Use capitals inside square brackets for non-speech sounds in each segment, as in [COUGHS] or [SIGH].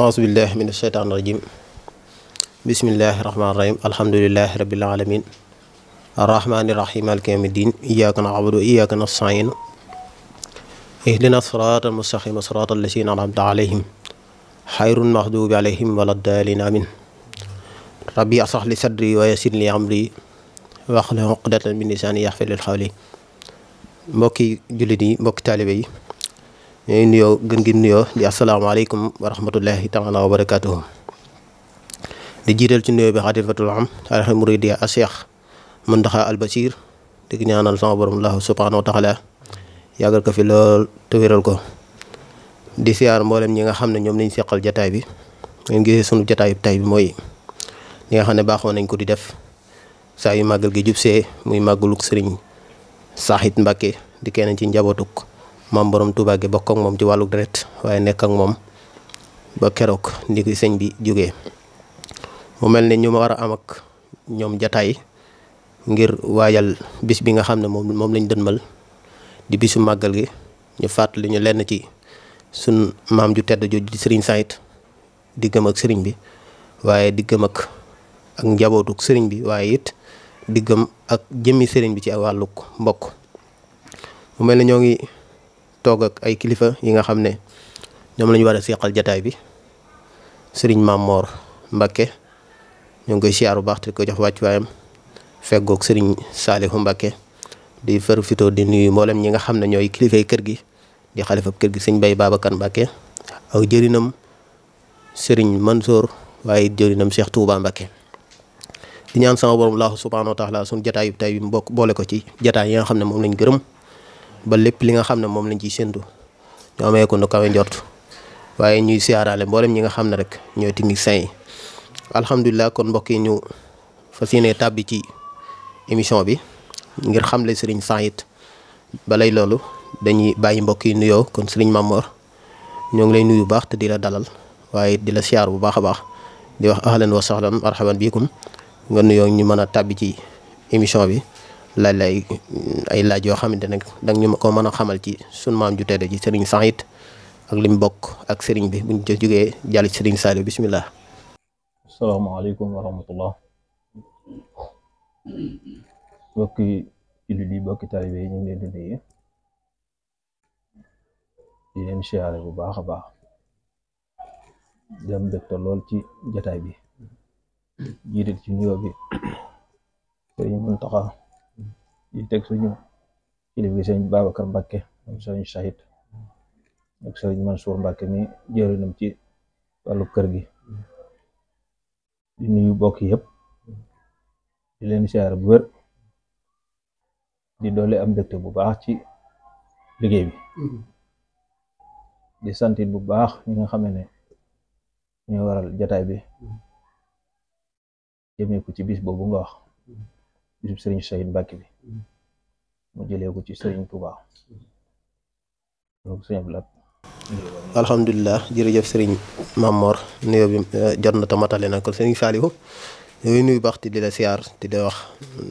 aasubillahi min asheytaan rajim bismillahi rahmaani rahim alhamdulilahi rabil alamin arrahmaani rahim maliki yawmi din iyyaka na'budu wa iyyaka nasta'in ihdina siraatal mustaqim siraatal lazina an'amta alayhim xayrul maxdubi alayhim wala daalin amin rabbi asrax li sadri wa yassir li amri waxlul uqdatan min lisaani yahfazhu qawli mbokki jullit yi mbokki taalibe yi ñooy nuyoo gën gi nuyoo di asalaamaaleykum wa rahmatullahi taala wa di jiital ci nuyoo bi xalifatul am al muridiya a Cheikh Muntaxa al Bachir borom Allah subhanahu wa yàggal ko fi lool te ko di siyaar mboolem ñi nga xam ne ñoom lañ seqal jataay bi ngeen gisee sunu jataay tay bi mooy li nga xam ne baaxoo nañ ko di def saa yu màggal gi jub see muy màggaluk sëriñ Saxit Mbàkke di kenn ci njabootuk maam borom Touba gi bokk moom ci wàllu deret waaye nekkak moom ba keroog ndi sëñ bi jógee mu mel ne ñu ma war a am ak ñoom jataay ngir waajal bis bi nga xam ne moom moom lañ mal di bisu màggal gi ñu fàttali ñu lenn ci sun maam ju tedd ju di sëriñ Saïd diggam ak sëriñ bi waaye diggam ak ak njabootuk sëriñ bi waaye it diggam ak jëmmi sëriñ bi ci wàlluk mbokk mu mel ne ñoo ngi toog ak ay kilifa yi nga xam ne ñoom lañu ñu war a seqal jataay bi sëriñ Maam Moor Mbakke ñoo ngi koy siyaar bu baax te ko jox wàccuwaayam feggoog sëriñ Saalihu Mbakke di farfito di nuyu mboolem ñi nga xam ne ñooy kilifay kër gi di xalifa kër gi sëñ Bay Babacar Mbakke aw jërinam sëriñ Mansour waaye jërinam Cheikh Touba Mbakke di ñaan sama borom laahu subhaanahu wa taala suñu jataay bi tey bi mbokk boole ko ci jataay yi nga xam ne moom lañ gërëm ba lépp li nga xam ne moom lañ ciy séntu ñu amee ko nu kawe njort waaye ñuy siyaaraale mboolem ñi nga xam ne rek ñoo ñooy techniciens yi alhamdulilah kon mbokk yi ñu fa yéene tàbbi ci émission bi ngir xamle sëriñ Saayit balay loolu dañuy bàyyi mbokk yi nuyoo kon sëriñ Mamor ñoo ngi lay nuyu baax te di la dalal waaye di la siyaar bu baax a baax di wax ahlan wa sahlan marhaban bikum nga nuyoo ñu mën a tàbbi ci émission bi. laaj lay ay laaj yoo xamante nag ñu ko mën a xamal ci sunu maam ju tedd ci sëriñ Saxiit ak lim bokk ak sëriñ bi buñ ca jógee jàll ci sëriñ Saliou bisimilah. salaamaaleykum wa rahmatullah mbokki jullit yi mbokki taalibe yi ñu leen di nuyu di leen siyaare bu baax a baax di lool ci jataay bi jiital ci nuyoo bi Sëriñ di teg suñu kilifa gi sëriñ Babacar Mbacke am sëriñ Sahid ak sëriñ Mansour Mbacke mi jëriñam ci wàllu kër gi di nuyu bokk yëpp di leen siyaar bu wér di doole am mbégte bu baax ci liggéey bi di santit bu baax ñi ngi xam ne ñu waral jataay bi jëmee ko ci bis boobu nga wax bisub sëriñ Sahid Mbacke bi mu jëlee ko ci Sëriñ Tuubaa loolu sëriñ Abdulaat jërëjëf sëriñ Mamor nuyoo bi eh, jot na tamatale na kon sëriñ Saliou yooyu nuyu baax di la siyaar di la wax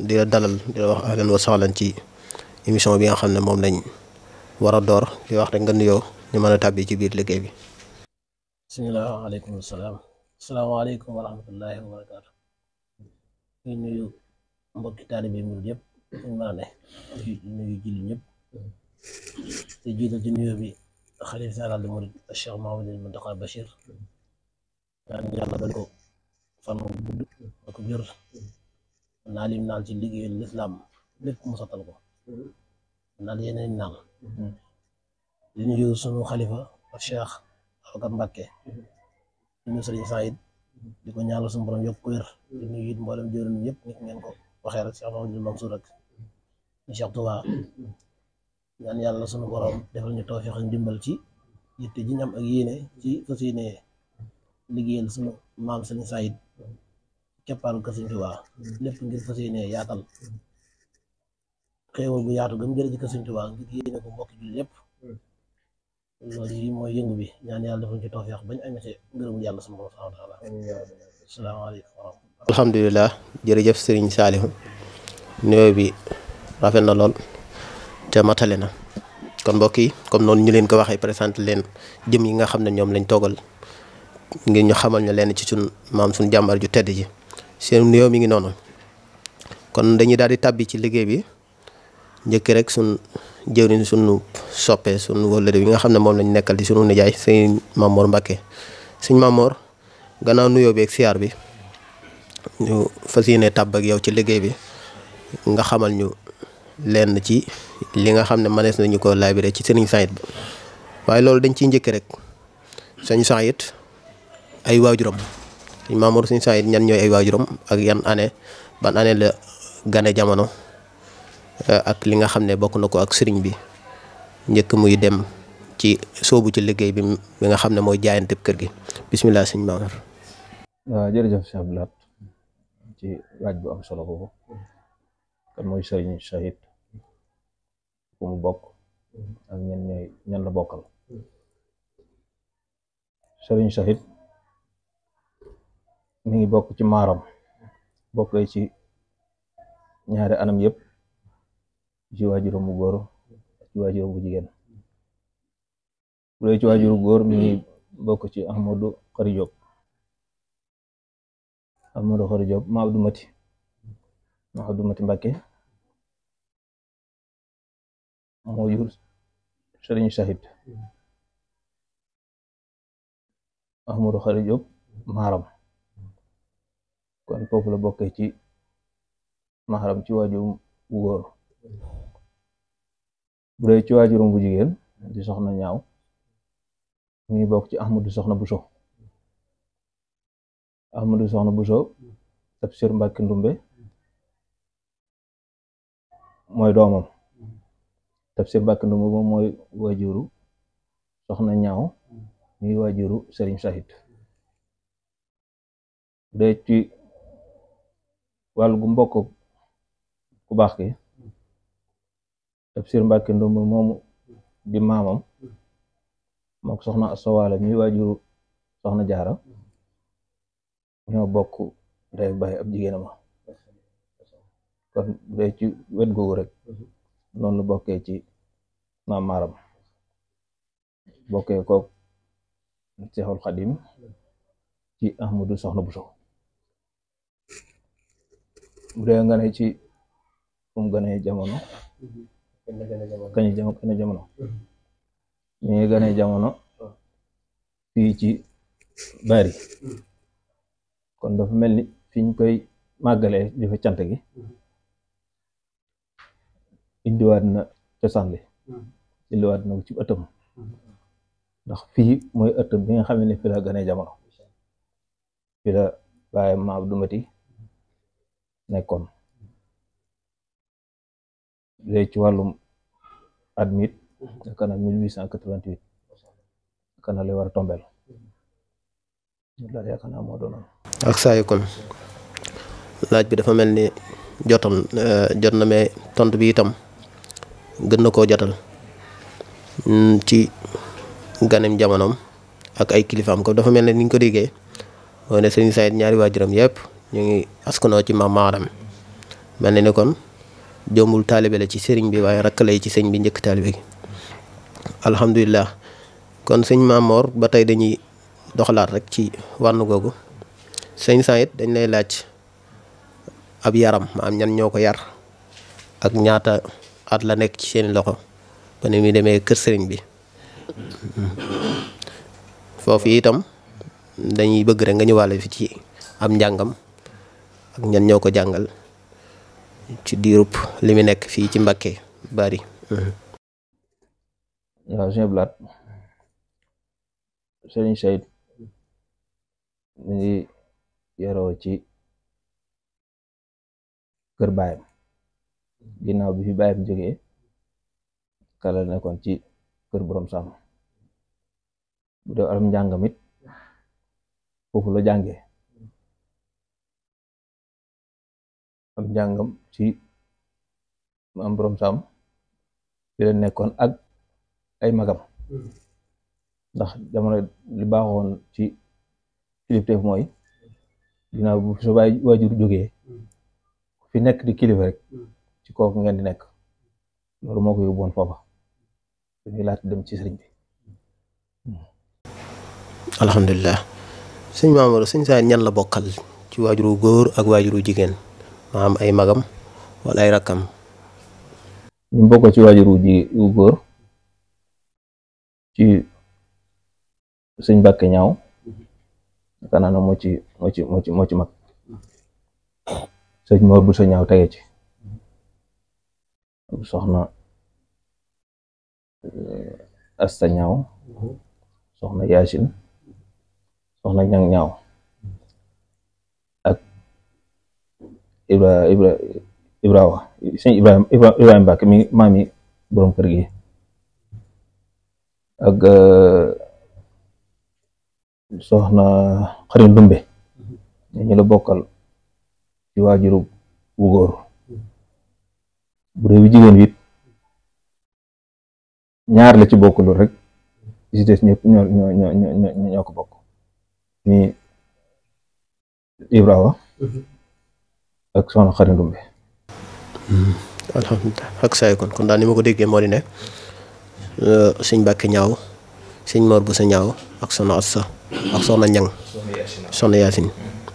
la dalal di wax ahlan wa sahlan ci émission bi nga xam ne moom lañ war a door di wax rek nga nuyoo ñu mën a tàbbi ci biir liggéey bi. bisimilah waaleykum salaam asalaamaaleykum wa rahmatullahi wa nuyu mbokki taalibe bi yëpp. maa ne nuyu julli ñëpp te jiital ci nuyoo bi xalifa général des mourides Cheikh Mouhamadou Mountakha Bachir ñaan yàlla doon ko fan mu gudd ak wér naal yim naal ci liggéeyal lislaam lépp mu sottal ko naal yeneen naal di nuyu sunu xalifa ak Cheikh Ababacar Mbacke di nuyu Sëriñ Saïd di ko ñaanal sunu borom yokk wér di nuyu it mboolem jëriñ ñëpp nit ngeen ko waxee rek Cheikh Mouhamadou Mansour rek Cheikh Touba ñaan yàlla sunu borom defal ñu tawfiq ak ndimbal ci yitte ji ñam ak yéene ci fas yéene liggéeyal sunu maam Sëriñ Saïd keppaaru Kër Sëriñ Touba lépp ngir fas yéene yaatal xéewal bu yaatu gëm jërë ji Kër Sëriñ Touba ngir yéene ko mbokk jullit yi mooy yëngu bi ñaan yàlla defal ci tawfiq bañ amee ci ngërëmul yàlla sunu borom subhanahu wa taala asalaamaaleykum alhamdulilah jërëjëf Sëriñ Saalihu bi rafet na lool te matale na kon mbokk yi comme noonu ñu leen ko waxee présenté leen jëm yi nga xam ne ñoom lañ toogal ngir ñu xamal ñu leen ci suñ maam suñ jàmbaar ju tedd ji seen nuyoo mi ngi noonu kon dañuy daal di tàbbi ci liggéey bi njëkk rek suñ jëwriñ suñu soppee suñu wëllëre yi nga xam ne moom nekkal di suñu nijaay sëñ Mamour Mbacké sëñ Mamour gannaaw nuyoo bi ak siyaar bi ñu fas yéene tàbb ak yow ci liggéey bi nga xamal ñu lenn ci li nga xam ne manees nañu ko laabire ci sëriñ Saayit ba waaye loolu dañ ciy njëkk rek sëñ Saayit ay waajuram sëñ Maamoor sëñ Saayit ñan ñooy ay waajuram ak yan année ban année la gane jamono euh, ak li nga xam ne bokk na ko ak sëriñ bi njëkk muy dem ci soobu ci liggéey bi bi nga xam ne mooy jaayante kër gi bisimilah sëñ Maamoor. sëñ Abdou Lahad ci am solo boobu kan fu bokk ak ñan la bokkal sëriñ soxit mi ngi bokk ci maaram bokk ci ñaari anam yëpp ci waajuram bu góor ci bu jigéen bu dee ci waajuru góor mi ngi bokk ci Ahmadou Khary Diop Ahmadou Khary Diop ma Abdou Mati ma Abdou Mati moo jur Serigne Sahid Ahmadou Khari Maram kon foofu la bokkee ci Maram ci waajurum bu góor bu ci waajurum bu jigéen di soxna ñaaw mi bokk ci Ahmadou soxna Bousso Ahmadou soxna buso Tafsir Mbàkke Ndumbe mooy doomam Tafsir Bakk Ndumbe moom mooy waajuru soxna ñaaw muy waajuru sëriñ Sahid de ci wàll gu mbokk ku baax ki Tafsir Bakk Ndumbe moomu di maamam mook soxna Asawaale muy waajuru soxna jaara ñoo bokk ndey baay ab jigéenam kon de ci wet googu rek noonu bokkee ci maam maaram bokkee kook seexul xadim ci ahmadu soxna buso bu dee nga ne ci um gane jamono kañu gane jamono mi ngi gane jamono fii ci bari kon dafa mel ni fiñ koy màggalee dafa cant gi indiwaat na cosaan li indiwaat na ko ci ëttam ndax fii mooy ëtt bi nga xam ne fi la Mati nekkoon léegi ci wàllum at mi yaakaar naa war a tombeel loolu yaakaar moo doonoon. ak saa kon laaj bi dafa mel ni jotal eh, jot na mais tontu bi itam gën na koo jotal. Mm, ci ganem jamonoom ak ay kilifaam ko dafa mel ne ni ñu ko déggee mooy ne Serigne Saïd ñaari waajuram yëpp ñu ngi askanoo ci maam mel na ni kon jombul taalibe la ci sëriñ bi waaye rakk lay ci sëñ bi njëkk taalibe gi alhamdulilah kon sëñ Maamoor ba tey dañuy doxalaat rek ci wànn googu sëñ Saïd dañ lay laaj ab yaram maam ñan ñoo ko yar ak ñaata at la nekk ci seeni loxo ba ni muy demee kër sëriñ bi foofu itam dañuy bëgg rek nga ñëwaale fi ci am njàngam ak ñan ñoo ko jàngal ci diirub li nekk fii ci Mbàkke bari waaw sëñ Blaat yaroo ci kër baayam ginnaaw bi fi baayam jógee kala nekkoon ci kër borom sàmm bu dee alam njàngam it foofu la jàngee am njàngam ci maam borom sàmm fi la nekkoon ak ay magam ndax jamono li baaxoon ci kilifteef mooy ginnaaw bu sa waajur jógee fi nekk di kilifa rek ci kooku ngeen di nekk loolu moo ko yóbbuwoon foofa dañuy laata dem ci sëriñ bi. alhamdulilah sëñ Mamour sëñ Saar ñan la bokkal ci waajuru góor ak waajuru jigéen maam ay magam wala ay rakkam. ñu bokkal ci waajuru ji góor ci sëñ bakk ñaaw xanaa na moo ci moo ci moo ci moo ci mag sa ñaaw tege ci soxna. Euh, asta ñaaw mhm. soxna yaasin soxna ñang ñaaw ak ibra ibra ibrawa sëñ ibrahima ibrahima Mbàkke mi maami borom kër gi ak euh, soxna xarin dumbe mhm. ñu la bokkal ci waajuru bu góor mhm. bu dee bi jigéen wit ñaar la ci bokkul rek ci des ñoo ñoo ñoo ko bokk ni Ibrahima ak soxna Xari Ndumbe. Hmm. alhamdulilah ak saay kon kon daal ni ma ko déggee moo di ne euh, sëñ Mbàkke ñaaw sëñ Mor bu sa ñaaw ak soxna Assa ak soxna Ñang soxna Yaasin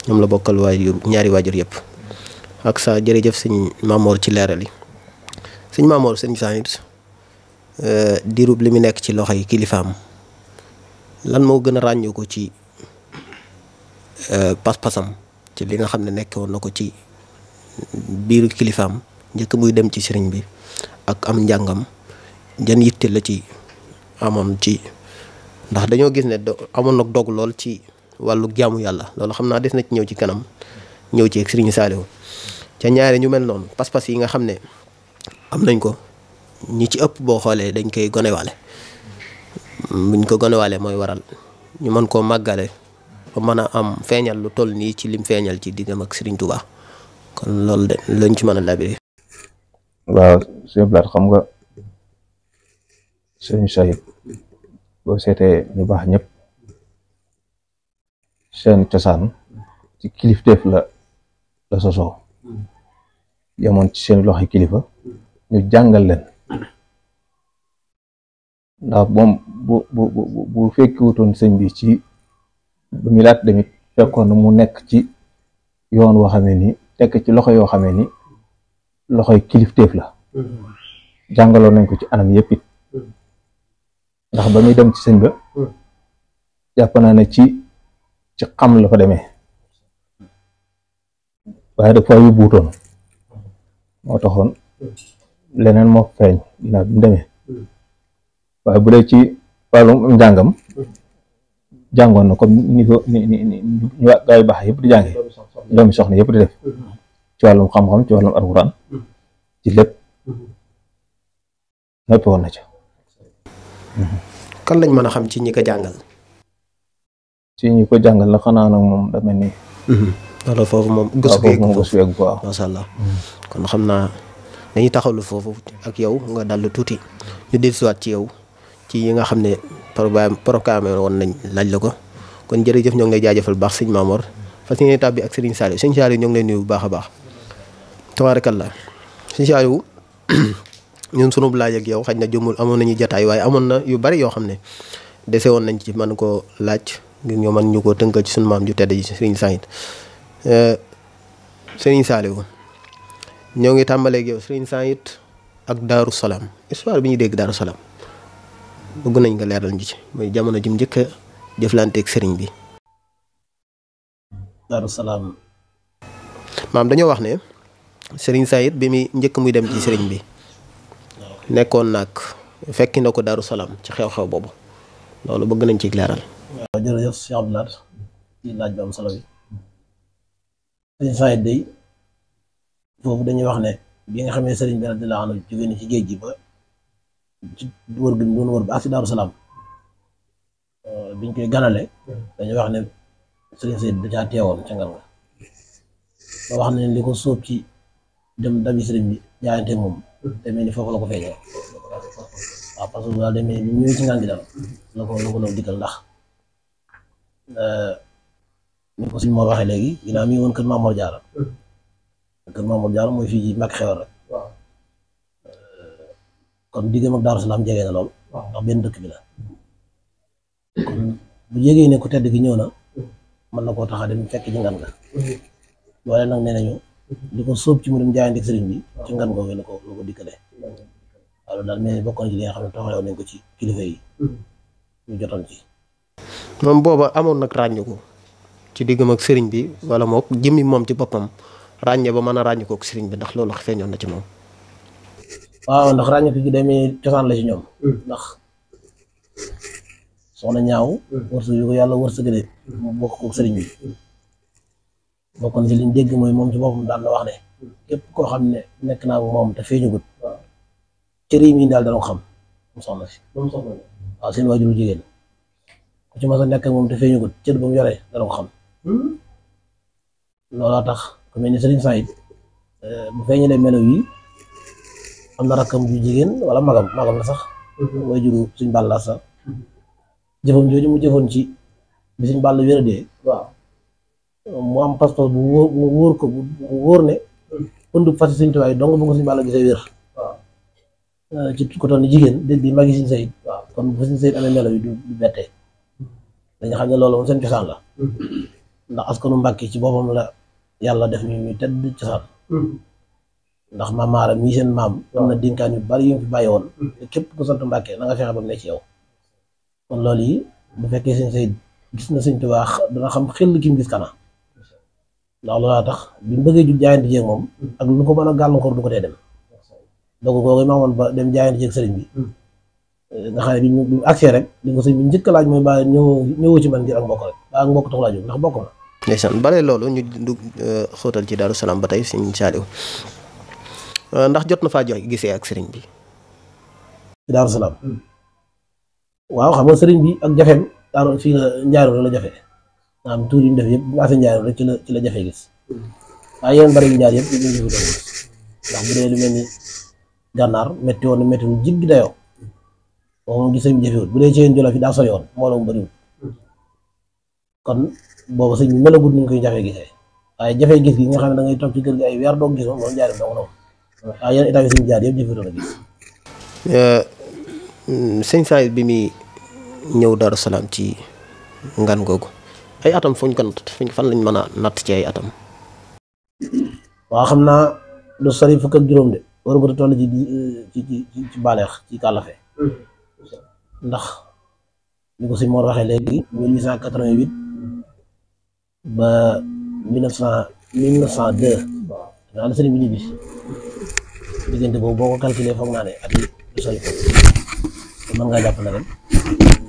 ñoom la bokkal waajur ñaari waajur yëpp ak sa jërëjëf sëñ Maamoor ci leeral yi sëñ Maamoor sëñ Saanit Euh, dirub li mu nekk ci loxo yi kilifaam lan moo gën a ràññu ko ci euh, pas-pasam ci li nga xam ne nekk na ko ci biiru kilifaam njëkk muy dem ci sëriñ bi ak am njàngam jën yitte la ci amoon ci ndax dañoo gis ne amoon nag dog lool ci wàllu jaamu yàlla loolu xam naa des na ci ñëw ci kanam ñëw ci ak sëriñ Saaliw ca ñaare ñu mel noonu pas-pas yi nga xam ne am nañ ko ñi ci ëpp boo xoolee dañ koy gonewale buñ ko gonewaale mooy waral ñu mën koo màggale ba mën a am feeñal lu toll nii ci lim feeñal ci diggam ak Serigne Touba kon loolu de lañ ci mën a labiré. waaw sëñ Blaat xam nga sëñ Sayib boo seetee ñu baax ñépp seen cosaan ci kilifteef la la sosoo yamoon ci seen loxo kilifa ñu jàngal leen. ndax moom bu bu bu fekkiwutoon sëñ bi ci bu mu laat tamit fekkoon mu nekk ci yoon woo xamee ni nekk ci loxo yoo xamee ni loxoy kilifteef la jàngaloon nañ ko ci anam yëpp it ndax ba muy dem ci sëñ ba jàpp naa ne ci ci xam la fa demee waaye daf fa yóbbuutoon moo taxoon leneen moo feeñ ginnaaw bi mu waaye bu dee ci wàllum njàngam jàngoon na comme ni ko ni ni ni gaa yu baax yëpp di jàngee doomi soxna yëpp di def mm-hmm. ci wàllum xam-xam ci wàllum alxuraan mm-hmm. ci lépp mm-hmm. noppi woon na ca kan lañ mën a xam ci ñi ko jàngal ci ñi ko jàngal la xanaa nag moom da mel ni walla foofu moom gëstu gi moom gëstu gi quoi masha Allah kon xam naa dañuy taxawlu foofu ak yow nga dallu tuuti ñu dellusiwaat ci yow ci yi nga xam ne programme programme woon nañ laaj la ko kon jërëjëf ñoo ngi lay jaajëfal baax sëñ Mamor fas yéene tàbbi ak Serigne Saliou sëñ Saliou ñoo ngi lay nuyu bu baax a baax tabarakallah sëñ Saliou [CLEARS THROAT] ñun sunu laaj ak yow xaj na jëmul amoon nañu jataay waaye amoon na yu bari yoo xam ne dese woon nañ ci mën koo laaj ngir ñoo mën ñu koo tënkal ci sunu maam ju tedd ji Serigne euh, Saliou Serigne ñoo ngi tàmbaleeg yow Serigne ak Daaru Salaam histoire bi ñu dégg Daaru Salaam bëgg nañ nga leeral ñu ci mooy jamono jim njëkk a sëriñ bi. daaru salaam. maam dañoo wax ne sëriñ Saïd bi muy njëkk muy dem ci sëriñ bi nekkoon nag fekki na ko daaru salaam ci xew-xew boobu loolu bëgg nañ ci leeral. waaw jërëjëf si Abdoulaye ci laaj bi am solo bi sëriñ Saïd day foofu dañuy wax ne bi nga xamee sëriñ bi radiyallaahu anhu jóge na ci géej gi ci wër gi doon wër ba ak si Daaru Salaam euh, biñ koy ganale dañu wax ne Sëriñ Seyd da caa teewoon ca ngal nga ba wax ne li ko sóob ci dem dabi sëriñ bi jaayante moom demee ni foofu la ko feeñee waaw parce daal demee ni ñëwee ci ngaan gi daal ndax euh, ni ko suñ moo waxee léegi ginnaaw mi ngi woon kër Mamour Diarra kër Mamour Diarra mooy fii ci Mbàkke Xewar rek kon diggam ak Daaru Salaam jege na lool ndax benn dëkk bi la bu jegee ne ku tedd gi ñëw na mën na koo tax a dem fekk ci ngan ga loole nag nee nañu li ko sóob ci mu dem jaayante sëriñ bi ci ngan googu la ko ko dikkalee waaw daal mel ni bokkoon ci li ko ci kilifa yi ñu booba amoon nag ràññu ci diggam ak sëriñ bi wala mook jëmmi moom ci boppam ràññee ba mën a ràññu ko ak sëriñ bi ndax loolu feeñoon na ci moom waaw ndax ràññeeku gi demee cosaan la ci ñoom. Hmm. ndax soxna ñaaw. Hmm. wërsëg yu ko yàlla wërsëgale. Hmm. mu bokk ko sëriñ bi. bokkoon ci liñ dégg mooy moom ci boppam daan na wax ne. képp koo xam ne nekk naa ko moom te feeñagut. waaw cër yi muy daal dana ko xam. mu soxna si moom soxna si. waaw seen waajur jigéen ku ci mos a nekk moom te feeñagut cër ba mu yore dana ko xam. looloo tax ku mel ni sëriñ Saïd euh, bu feeñalee melo yi. am na rakkam ju jigéen wala magam magam la sax mhm. mooy juru suñ bàlla sax mhm. jëfam jooju mu jëfoon ci bi suñ bàll wéradee waaw mu am pas bu wóor mu wóor ko bu wóor ne mhm. ëndub fasi suñ tuwaay dong bu nga suñ bàll gisee wér euh, ci ko toon jigéen dég di magi suñ sayit kon bu suñ sayit amee melo yi du bettee dañu xam ne loolu moom seen cosaan la ndax askanu Mbàkke ci boppam la yàlla def ñu tedd cosaan ndax maamaaram yi seen maam am na dénkaan yu bari yu fi bàyyi woon hmm. képp ku sant Mbàkke na nga ba mu ne ci yow kon loolu yi bu fekkee sëñ Sayd gis na sëñ Tuubaa dana xam xel ki gis kana ndax loolaa tax bi mu bëggee ju jaayante jeeg hmm. lu ko mën a gàllankoor du ko tee dem donc kooku maamoon ba dem jaayante jeeg sëriñ bi hmm. nga xam ne bi mu agsee rek li ko sëñ bi njëkk laaj mooy baa ñëw ñëwoo ci man ngir ak mbokk rek baa ak mbokk tax laa ndax bokk na ndeysaan bare loolu ñu du xóotal ci Daaru Salaam ba tey sëñ Saaliw Euh, ndax jot na faa i gisee ak sëriñ bi. waaw xam nga sëriñ bi ak jafeem daaru fii la jafe maanaam tuur yi mu def yëpp bu affaire njaaru ci la ci la jafe gis waaye yeneen bari njaar yëpp ñu dee lu mel ni gànnaar métti woon na métti lu jiggi dayoo moom gis sëriñ bi jafewut bu dee ci yéen jolof yi daa sori woon mbooloo mu bëriwul kon koy jafe gisee waaye jafe gis gi nga xam ne da ngay toog ci kër gi ay weer doog gis moom loolu njaaru dong la woon ah yan état yi jaar yëpp eh, mm, bi muy ñëw Darou Salaam ci ngan googu ay atam fuñ ko natt fan lañ mën a natt ci ay atam. waaw xam naa du sori fukk ak juróom de war nga toll ci ci ci ci mm-hmm. ndax ni ko si Mor waxee léegi mille huit quatre-vingt-huit ba mille neuf cent mille ndax na bi ñibbi diggante boobu boo ko yi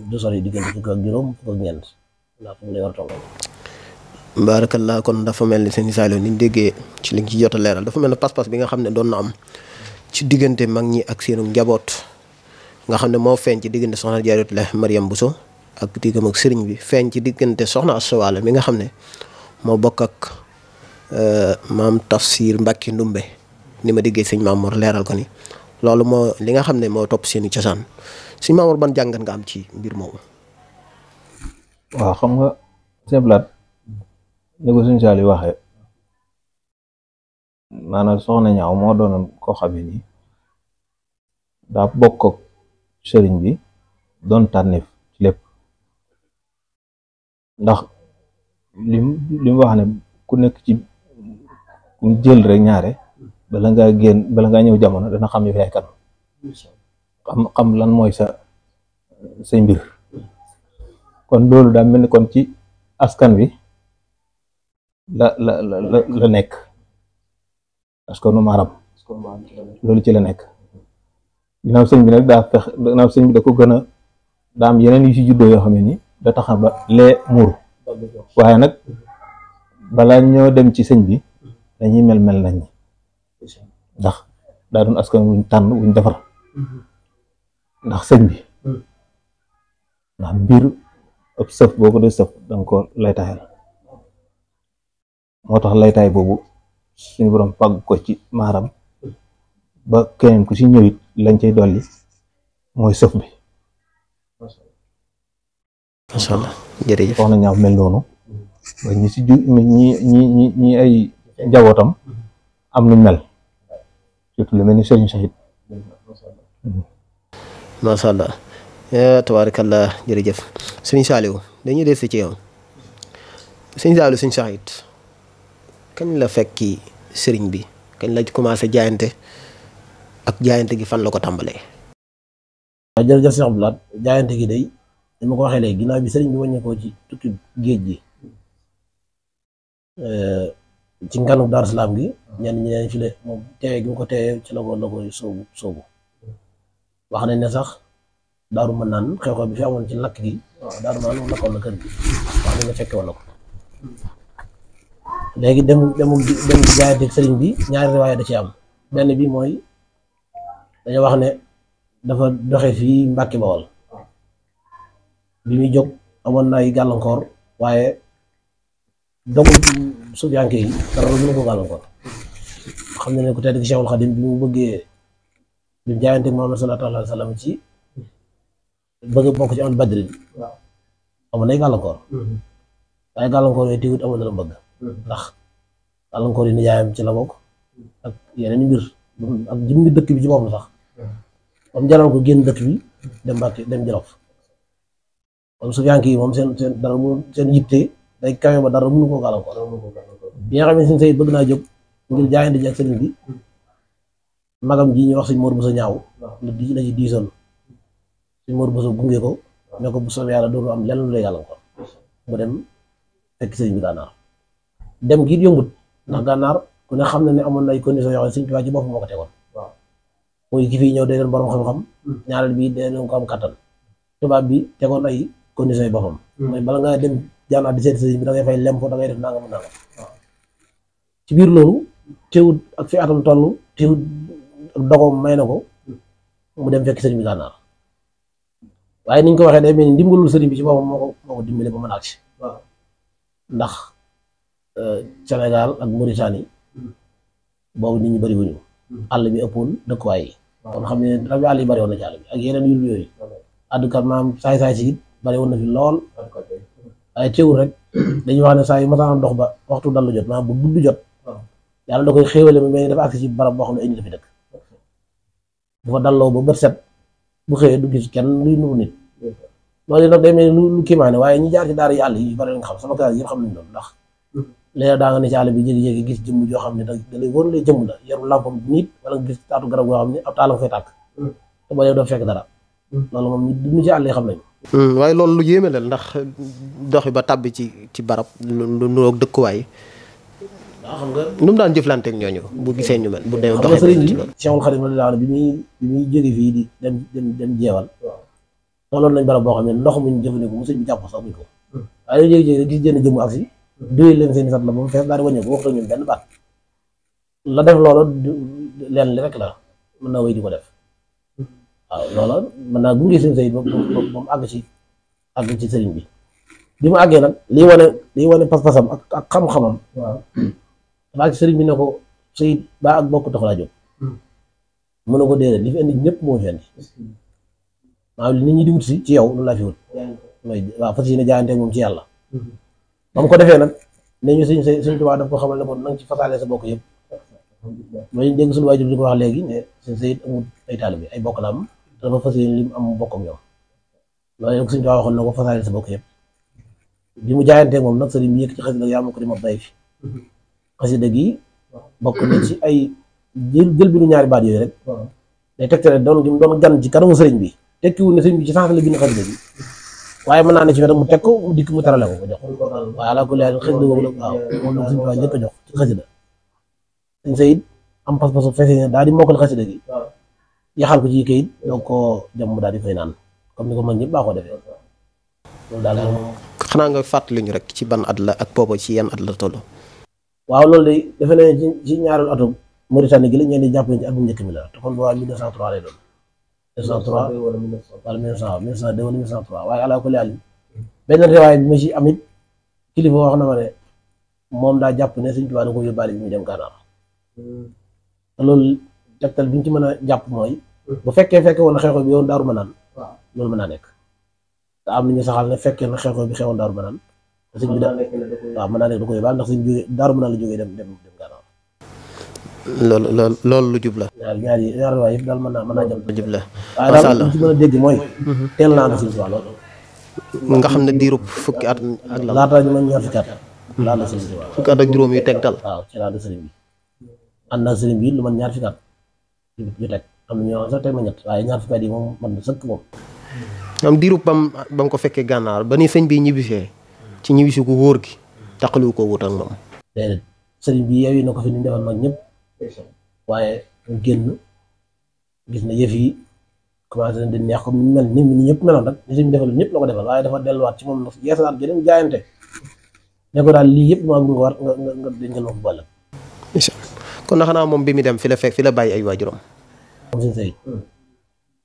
du sori ko kon dafa mel ni seen Saliou ni déggee ci li ci jot a leeral dafa mel ne pas-pas bi nga xam ne doon na am ci diggante mag ñi ak seenu njaboot nga xam ne moo feeñ ci diggante soxna Jaaratullaahi bu so ak diggam ak sëriñ bi feeñ ci diggante soxna Assawaale mi nga xam ne moo bokk ak. Euh, maam Tafsir Mbacke Ndumbe ni ma diggee sëñ Maam leeral ko ni loolu moo li nga xam ne moo topp seeni cosaan sëñ Maam ban jàngat nga am ci mbir moomu. waaw xam nga seblaat ni ko sëñ Saali waxee maanaam soxna ñaaw moo doonoon koo xam ne daa bokk ak sëriñ bi doon tànneef ci lépp ndax lim lim wax ku nekk ku mu jël rek ñaare bala ngaa génn bala ngaa ñëw jamono dana xam yow yaay kan xam xam lan mooy sa say mbir kon loolu daa mel ni kon ci askan wi la la la la nekk askanu maaram loolu ci la nekk ginnaaw sëñ bi nag daa fex ginnaaw sëñ bi da ko gën a daa am yeneen yu ci juddoo yoo xam ne nii da taxa ba lee muur waaye nag balaa ñoo dem ci sëñ bi dañuy mel-mel nañ ndax daa doon askan wuñ tànn wuñ defar mm-hmm. ndax sëñ bi mm. ndax mbir ëpp sëf boo ko dee sëf danga ko laytaayal moo tax laytaay boobu suñu borom fag ko ci maaram ba keneen ku ci ñëwit lañ cay dolli mooy sëf bi macha allah jërëjëf wax na ñaaw mel noonu ba ñi ci ñi ñi ñi ay njabootam am nuñ mel surtout lu mel ni sëriñ Sahid macha allah eh, tabaarakallah jërëjëf sëñ Saliou dañuy des ci yow sëñ Saliou sëñ Sahid kañ la fekki sëriñ bi kañ la commencé jaayante ak jaayante gi fan la ko tàmbalee. waaw jërëjëf Cheikh Abdou laat jaayante gi day ni ma ko waxee léegi bi sëriñ bi wàññeekoo ci tukki géej gi. Eh, ci nganuk Daaru Salaam gi ñenn ñi leen fi moom teewee gi mu ko teewee ci la ko la koy soobu wax nañ ne sax daaru ma naan xew-xew bi fi amoon ci lakk gi waaw daaru mën naan lakkoon na kër gi ko léegi dem demul dem jaayante sëriñ bi ñaari waaye da ci am benn bi mooy dañu wax ne dafa doxe fii Mbàkke Bawol bi muy jóg amoon na ay gàllankoor waaye dogu suufiyanke yi dara lu ko gàllankoor xam ne ne ku tedd ki Cheikhul Xadim bi mu bëggee bi mu jaayante Muhammad sallallahu alayhi wa sallam ci bëgg bokk ci amal badri bi amoon nay gàllankoor mm-hmm. waaye gàllankoor yooyu teewut amoon na lu bëgg mm-hmm. ndax gàllankoor yi nijaayam ci la bokk ak yeneen mbir ak jëmmi dëkk bi ci boppam sax moom mm-hmm. jaral ko génn dëkk bi dem Mbàkke dem Jolof yi moom seen seen dara mu seen yitte tey kawe ba dara mënu ko gàllankoor bi nga xam ne suñu sayit bëgg naa jóg ngir jaayante ji ak sëriñ bi magam ji ñu wax suñ Mor Bousso ñaaw la di la ci diisoon suñ Mor Bousso gunge ko ne ko bu soobee yàlla doonu am lenn lu lay gàllankoor mu dem fekk sëriñ bi gànnaar dem gi yombut ndax gànnaar ku ne xam ne ne amoon na ay conditions yoo xam ne suñ tubaab ci boppam mooy ki fii ñëw day doon borom xam-xam ñaareel bi ko am kattan tubaab bi tegoon ay conditions yi boppam hmm. mooy bala ngaa dem jaan àddi seeti sëriñ bi da fay lem fo da ngay def nangam nangam ci biir loolu teewut ak fi atam toll teewut ak dogoom may na ko mu dem fekk sëriñ bi gànnaar waaye ni ko waxee day mel ni dimbalul moo moo ko dimbale ba mën euh, ak Mauritanie boobu nit ñi bari wuñu hmm. àll bi ëppoon dëkkuwaay yi kon xam ne rab yi yi bari woon na ci bi ak yeneen yul yooyu addukat maam saay-saay si bari woon na fi lool waaye teewul rek [CLEARS THROAT] dañuy wax ne saa yu masaana ndox ba waxtu dallu jot maanaam bu guddi jot yàlla da koy xéewale ba mel ni dafa agsi ci barab boo xam ne ay la fi dëkk bu fa dalloo ba bët set bu xëyee du gis kenn luy nuru nit loolu nag day mel ni lu kiimaane waaye jaar ci daara yi àll yi bari nga xam sama classe yëpp xam nañu loolu ndax mm-hmm. léegi daa nga ne ci àll bi jékki-jékki gis jëmm joo xam ne da lay wóor lay jëmm la yaru lampam nit wala nga gis taatu garab goo xam ne ab taalam fay tàkk mm-hmm. te boo dee doo fekk dara loolu moom ñu ñu ci àll yi xam nañ euh, waaye loolu lu yéeme la ndax doxi ba tàbbi ci ci barab lu nuroog dëkkuwaay waaw ah, xam nga nu mu daan jëflante ak ñooñu bu gisee ñu mel bu dee doxee sëriñ bi Cheikhul Khadim radiyallahu anhu bi muy bi muy jóge boo xam ne ndox muñ jëfandikoo mu sëñ bi ko waaye dañu jékki-jékki gis jënd la ba mu fees daal di wàññeeku waxtu ñun la def loolu leen li rek la mën na wéy di ko def waaw loola mën naa gunge seen sayid ba ba mu àgg ci àgg ci sëriñ bi bi mu àggee nag lii wane lii wane pas-pasam ak ak xam-xamam. waaw dafa àgg sëriñ bi ne ko sayid baa ak bokk tax laa jóg. Hmm. na ko déedéet li fi indi ñëpp moo fi indi maanaam nit ñi si ci yow loolu laa fi wut. mooy waaw fas yéene jaayante moom ci yàlla. Hmm. ko defee nag ne ñu suñ suñ tubaab daf ko xamal ne ko na nga ci fasaale sa bokk yëpp. mooy dégg suñu waajur ko wax léegi ne suñ sayid ay taalibe ay dafa fas yéene lim am bokk ak ñoom loolu yëpp suñu tubaab bi mu jaayantee moom nag sëriñ bi yëkkati xasida yaa ma ko di ma bay bokk na ci ay jël jël bi ñaari baat yooyu rek day tegtale doon gi mu doon gan ci kanamu sëriñ bi tekkiwul ne sëriñ bi ci sax la bind xasida gi waaye mën naa ne ci wetam mu teg ko mu dikk mu tarale ko ko jox waaye alaa kulli haal xasida boobu nag waaw moom la a jox ci xasida sëriñ Sayid am pas-pasu fese ne daal di mokkal xasida gi yaxal ko ci këyit donc ko jam mu daal di fay naan comme ni ko ma ñëpp baa ko defee loolu daal moom xanaa nga fàttali ñu rek ci ban at la ak boobu ci yan at la toll. waaw loolu day defe ne ci ñaareelu atum Mauritanie gi la ñeen di jàpp ci atum njëkk mi la te kon boobaa 1903 kilifa wax na ma moom daa jàpp ne Sëñ Tuubaa da ko yóbbaale bi muy dem Gànnaar hmm. te loolu tegtal bi ñu ci mën a jàpp mooy bu fekkee fekke woon xew-xew bi yow Daaru Manaan loolu mën naa nekk te am nañu saxal ne fekkee na xew-xew bi xewoon da waaw mën naa nekk da koy baal ndax sëñ jóge Daaru Manaan la jógee dem dem dem Gànnaar loolu loolu loolu lu jub la ñaar ñaar yi ñaar waay yëpp daal lu jub la waaye daal lu ci a dégg mooy mhm. teel naa na sëñ Tuubaa loolu nga xam ne diirub fukki at ak la laataa ñu mën ñaar fukki at laa na sëñ Tuubaa fukki at ak juróom yu teg am ñoo sa teg na ñett waaye ñaar fukki at yi moom man sëkk moom. am diiru bam ba ko fekkee gànnaar ba ni sëñ bi ñibbisee ci ñibbisi ku wóor gi taqalu ko wut ak moom. déedéet sëriñ bi yeewu na ko fi ni ñëpp waaye na yëf yi commencé nañ di neex comme ni mel ni ñëpp meloon rek li sëñ bi defal ñëpp la ko defal waaye dafa delluwaat ci moom nag yeesalaat jëlee jaayante ne ko daal lii yëpp maa ngi war nga nga nga dencal ma kon na xanaa moom bi mu dem fi la fekk fi la bàyyi ay waajuram. comme si tey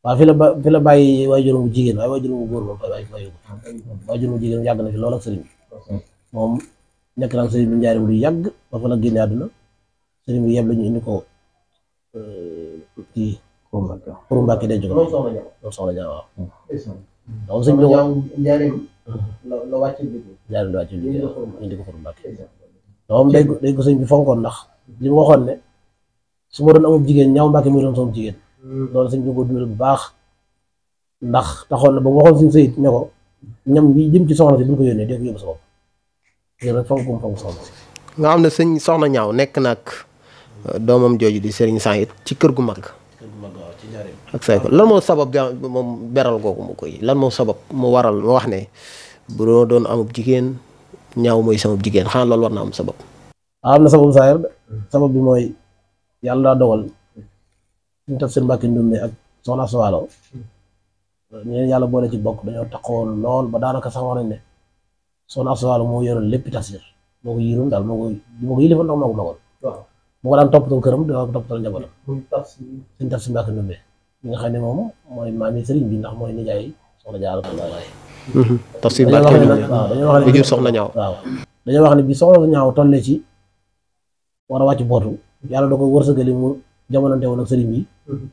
waaw fi ba fi la bàyyi waajuram bu jigéen waaye waajuram bu góor moom bàyyi bàyyi ko waajuram bu jigéen yàgg na fi lool ak sëriñ bi moom nekk na sëriñ bi njaarim lu yàgg ba fa la génne àdduna sëriñ bi yeb la ñu indi ko kii pour Mbàkke denc ko moom soxna Dia waaw donc sëñ bi njaarim la wàcce bi njaarim la ko pour Mbàkke moom day ko sëñ bi fonkoon ndax li mu waxoon ne su ma doon amul jigéen ñaaw Mbàkke muy doon sama jigéen hmm. loolu sëñ bi ko dundal bu baax ndax taxoon na ba waxoon suñu sëyit ne ko ñam yi jëm ci soxna si fonk fonk soxna xam ne sëñ soxna ñaaw nekk nag uh, doomam jooju di sëriñ Sangit ci kër gu mag ak say ko moom beral googu mu lan moo sabab mu waral mu wax ne bu doon amub jigéen ñaaw mooy sama jigéen xanaa loolu war na am sabab ah, am na sabab saayir de hmm. sabab bi mooy yàlla daa dogal suñu Tafsir Mbàkke Ndumbe ak soxna Aswaalo ñeen yàlla boole ci bokk dañoo taxawoon lool ba daanaka sax wax nañ ne soxna moo yoroon lépp Tafsir moo ko yiroon daal moo ko moo ko yilifoon ndax moo ko dogal moo ko nga xam ne moom mooy maami sëriñ bi ndax mooy nijaay soxna Jaara Tafsir Mbàkke Ndumbe dañoo wax ne bi soxla ñaaw tollee ci war a wàcc bootu yàlla doo ko wërsëgali mu jamonante woon ak sëriñ bi mhm.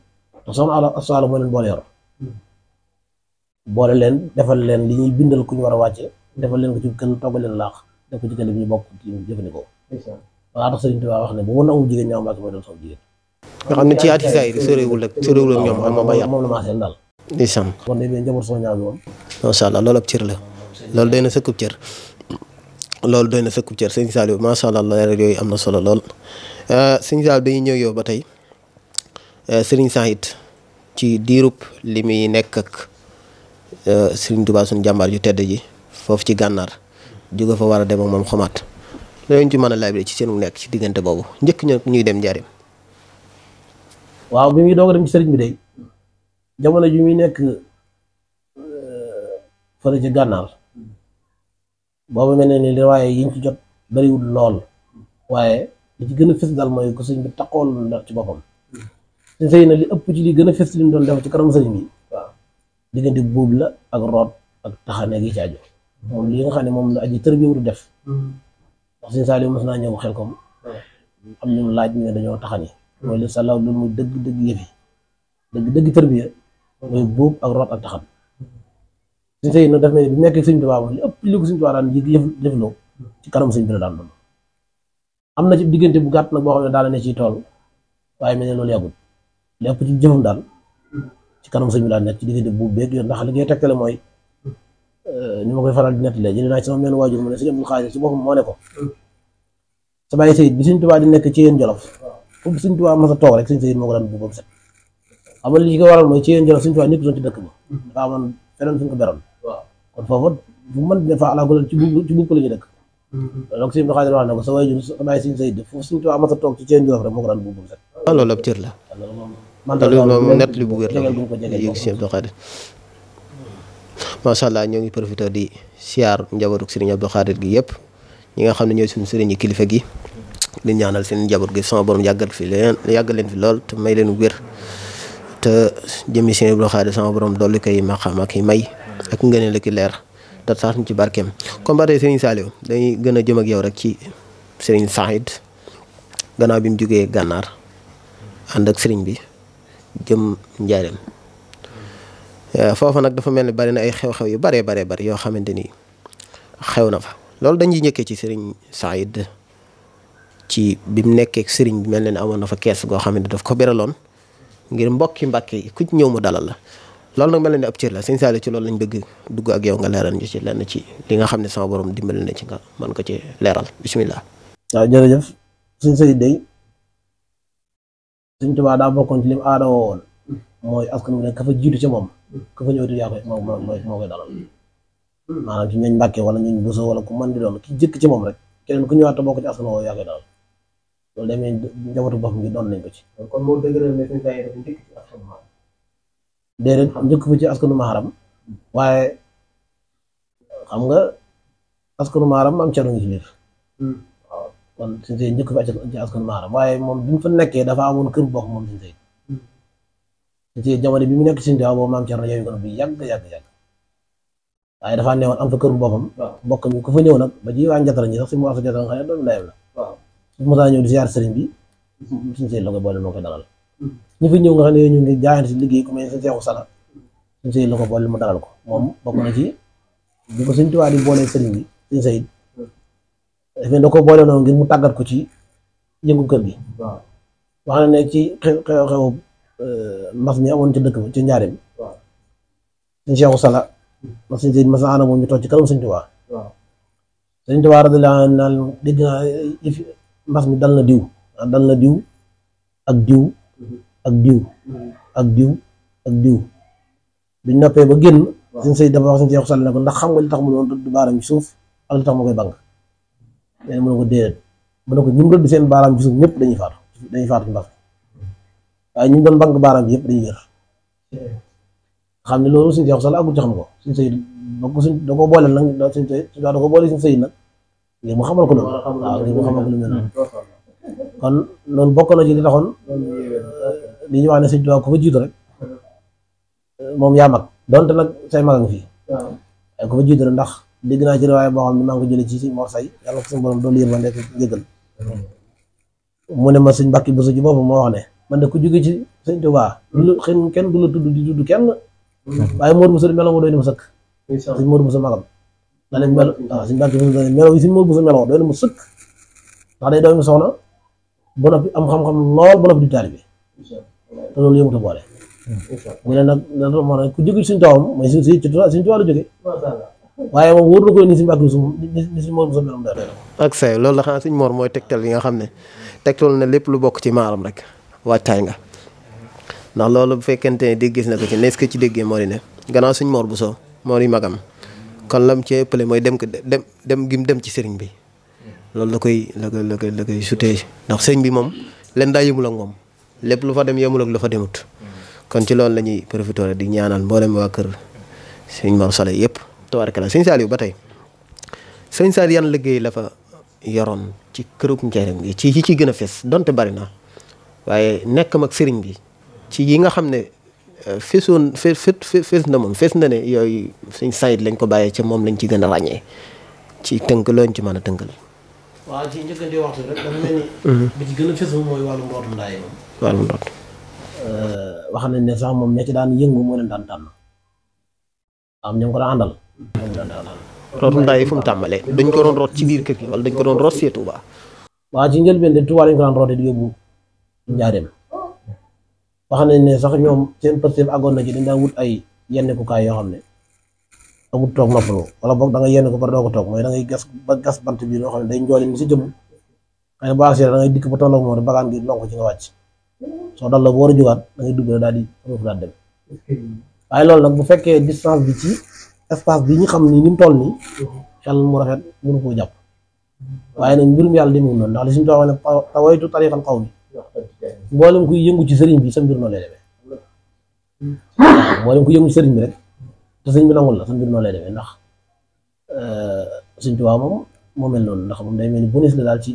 te soxna ala asala moo leen boole yor mhm. boole leen defal leen di ñuy bindal ku ñu war a wàcce defal leen ko ci gën togg leen laax def ko ci gën bi ñu bokk ci jëfandikoo walaa tax sëriñ Tuubaa wax ne bu mën a amul jigéen ñaaw xam ne ci aati saa yi soriwul ak soriwul ak ñoom moom la maaseel daal ndeysaan kon day bee njaboot soxna ñaaw bi moom macha loolu ab cër la loolu day na sëkkub cër loolu doy na sa cër sëñ Saliou macha allah leeral yooyu am na solo lool euh, sëñ Saliou dañuy ñëw yoo ba tey euh, sëriñ Sahid ci diirub li muy nekk ak euh, sëriñ Touba suñu jàmbaar ju tedd ji foofu ci gànnaar jóge fa war a dem moom xomaat loolu ñu ci mën a laaj ci seen nekk ci diggante boobu njëkk ñu ñuy dem njariñ. waaw bi muy ci sëriñ bi de jamono ji muy nekk fële ci gànnaar. boobu mel ne ni riwaaya yiñ ci jot bariwul lool waaye li ci gën a fës daal mooy ko sëñ bi takkoon ndax ci boppam sëy na li ëpp ci li gën a fës li doon def ci kanam sëñ bi waaw diggante buub la ak root ak taxane gi ci moom li nga xam ne moom la aji tër bi wut def ndax sëñ Saliou mos naa ñëw xel kom am ñu laaj ñu ne dañoo taxani mooy li salaw lu mu dëgg dëgg yëfi dëgg dëgg tër bi mooy buub ak root ak taxan suñu tey noonu daf mel ni bi mu nekk Sëriñ Tuubaa li ëpp li ko Sëriñ Tuubaa daan jëfloo ci kanam Sëriñ bi la daan doon am na ci diggante bu gàtt nag boo xam ne daana ne ci tool waaye mel ne loolu yàggul li ëpp ci jëfam daal ci kanam Sëriñ bi daan nekk ci diggante bu beeg yoon ndax li ngay tegtale mooy euh, ni ma koy faral di nettalee jëlee naa ci sama mel waajur mu ne Sëriñ Abdul Xaadir ci boppam moo ne ko sa bàyyi Sëriñ bi Sëriñ Tuubaa di nekk ci yéen Jolof foofu Sëriñ Tuubaa mas a toog rek Sëriñ Sëriñ moo ko daan bu boobu set amal li ko waral mooy ci yéen Jolof Sëriñ Tuubaa nekk doon ci dëkk ba dafa amoon feneen fu ñu ko beroon kon foofu fu mu mën di defaa alaakulli ci buub ci buub la ñu dëkk. Mm-hmm. donc suñu doxalin wax na sa waajur sa bàyyi suñu sayid toog amata toog ci ceen joof rek moo ko daan buub ah, la. man daal loolu moom net li bu wér la yëg seen doxalin. macha ñoo ngi profité di siyaar njabootu si Abdou Khadir gi yëpp ñi nga xam ne ñooy suñu sëriñ yi kilifa gi di ñaanal seen njaboot gi sama borom yàggal fi leen yàggal leen fi lool te may leen wér te jëmi Serigne Abdou Khadir sama borom dolli koy maqam yi may ak ngeen la leer te tax ci barkeem comme ba tey Serigne Saliou dañuy gën a jëm ak yow rek ci sëriñ Saïd gannaaw bi mu jógee gànnaar ànd ak sëriñ bi jëm Njaareem euh, foofa nag dafa mel ni bari na ay xew-xew yu baree baree bari yoo xamante ni xew na fa loolu dañuy njëkkee ci sëriñ Saïd ci bi mu nekkee sëriñ bi mel ne amoon na fa kees goo xamante daf ko beraloon ngir mbokki mbàkke yi ku ci ñëw mu dalal la. loolu nag mel na ne ab cër la sëñ Saliou ci loolu lañ bëgg dugg ak yow nga leeral ñu ci lenn ci li nga xam ne sama borom dimbali na ci nga mën ko ci leeral bisimilah. waaw jërëjëf sëñ Saliou day sëñ Tuubaa daa bokkoon ci lim aada woon mooy askan wi nag ka fa jiitu ci moom ka fa ñëwati yaa koy moo moo koy dalal maanaam ci ñooñ Mbàkke wala ñooñ Buso wala ku mën di doon ki jëkk ci moom rek keneen ku ñëwaat te bokk ci askan woo yaa koy dalal loolu demee njabootu boppam gi doon nañ ko ci. kon moo dëgëral ne sëñ Saliou dafa njëkk ci askan déedéet njëkk fu ci askanu maaram waaye xam nga askanu maaram maam Cerno ngi ci biir hmm. waaw kon suñ see njëkk fi ci askanu maaram waaye moom bi mu fa nekkee dafa amoon kër bokk moom suñ see suñ bi mu nekk suñ daaw boobu maam Cerno yooyu kon bu yàgg yàgg yàgg waaye dafa newoon am fa kër boppam bokk mi ku fa ñëw nag ba ci waa njatara ñi sax si mu wax sa jatara nga xam ne doomu ndeyam la su ma saa ñëw di bi suñ ko boole moo koy dalal hmm. ñu fi ñëw nga xam ne ñu ngi jaayante si liggéey ku mel ne Seexu Sala suñ Sayid la ko boole mu dalal ko moom bokk na ci bu ko suñ tubaab di boolee sëriñ bi suñ mu tàggat ko ci yëngu kër gi. waaw wax na ci xew xew eh, mbas mi ci dëkk ci njaareem. waaw Seexu Sala. ndax suñ Sayid mas na ànd moom ñu toog ci kanam suñ tubaab. waaw suñ tubaab radiyallaahu anhu naan dégg naa eh, mbas mi dal na diw dal na diw ak diw. ak diw ak diw ak diw biñ noppee ba génn suñ sëy dafa wax suñ seexu sàll ne ko ndax xam nga li tax mu doon rëdd baaraam ci suuf ak li tax ma mu ko déedéet mu ne ko ñi mu rëdd seen baaraam ci ñëpp dañuy faatu dañuy faatu mbas ñu doon bang baaraam bi yëpp dañuy wér xam ne loolu suñ seexu sàll agul ci xam ko suñ sëy da ko suñ da ko boole nag suñ sëy da ko boole suñ sëy nag ngir mu ko loolu waaw ngir mu lu noonu kon ci li taxoon li wax ne sëñ Tuubaa ku ko jiitu rek moom yaa mag donte nag say mag a ngi fii waaye ku ko jiitu rek ndax dégg naa ci riwaay boo xam ne maa ko jëlee ci Mor Say yàlla ko suñu borom doolu yër ma nekk mu ne ma sëñ Mbàkke Buso ci boppam moo wax ne man de ku jóge ci sëñ Tuubaa waa xen kenn du la tudd di tudd kenn waaye Mor Buso meloo ma doy na ma sëkk sëñ Mor Buso magam da leen mel waaw sëñ Mbàkke Buso meloo yi sëñ Mor Buso meloo doy sëkk ndax day doomi soxna bu noppi am xam-xam lool bu noppi di taalibe loolu yëngu te boole. incha hmm. ku jógee suñu mooy waaye moom wóor loolu la xam moor mooy tegtal yi nga xam ne tegtal na lépp lu bokk ci maaram rek waajtaay nga ndax loolu bu fekkente ne dégg gis na ko ci ne ci déggee moo di ne gannaaw moor bu soo moor yi magam lam ci ëppale mooy dem ko dem dem gim dem ci sëriñ bi loolu la koy la koy la koy sutee ndax sëriñ bi moom leen daa yëmul moom lépp lu fa dem yemul lu fa demut kon ci loolu la ñuy profité di ñaanal mboolem waa kër sëñ Mor Sole yëpp tabaarkalla sëñ Saliou ba tey suñ Saliou yan liggéey la fa yoroon ci kërub njëriñ bi ci yi ci gën a fes donte bari na waaye nekkam ak sëriñ bi ci yi nga xam ne euh, fesoon fe fe fes na moom fes na ne yooyu sëñ Saïd lañ ko bàyyee ci moom lañ ci gën a ràññee ci tënk looñ ci mën a tënkal. ci njëkkante mhm. a fesoon mooy wàllum euh, wax nañ ne sax moom ña ci daan yëngu moo leen daan tànn am ña ko daan àndal. rootum ndaa yi fu dañ ko doon root ci biir kër gi wala dañ ko doon root see waa ci njëlbeen de Touba lañ ko daan rootee nañ ne sax ñoom seen pëstéef àggoon na ci dañ daan wut ay yenn yoo xam ne amut toog noppalu wala boog da nga yenn ko par doo ko mooy da ngay gas ba gas bant bi loo xam ne day njoole ni si jëm xëy na boo àggsee da ngay dikk ba tolloog moom rek bagaan gi lonk ci nga wàcc. soo dal la bu war a jógaat da dugg daal di roof daal dem waaye loolu nag bu fekkee distance bi ci espace bi ñu xam ni ni mu toll nii xel mu rafet mënu koo jàpp waaye nag mbirum yàlla demewul noonu ndax li suñu too xam ne yëngu ci sëriñ bi sa mbir noo lay demee mboolem bi rek la ndax euh, suñ tubaab moom moo mel noonu ndax moom day mel ni bonus la daal ci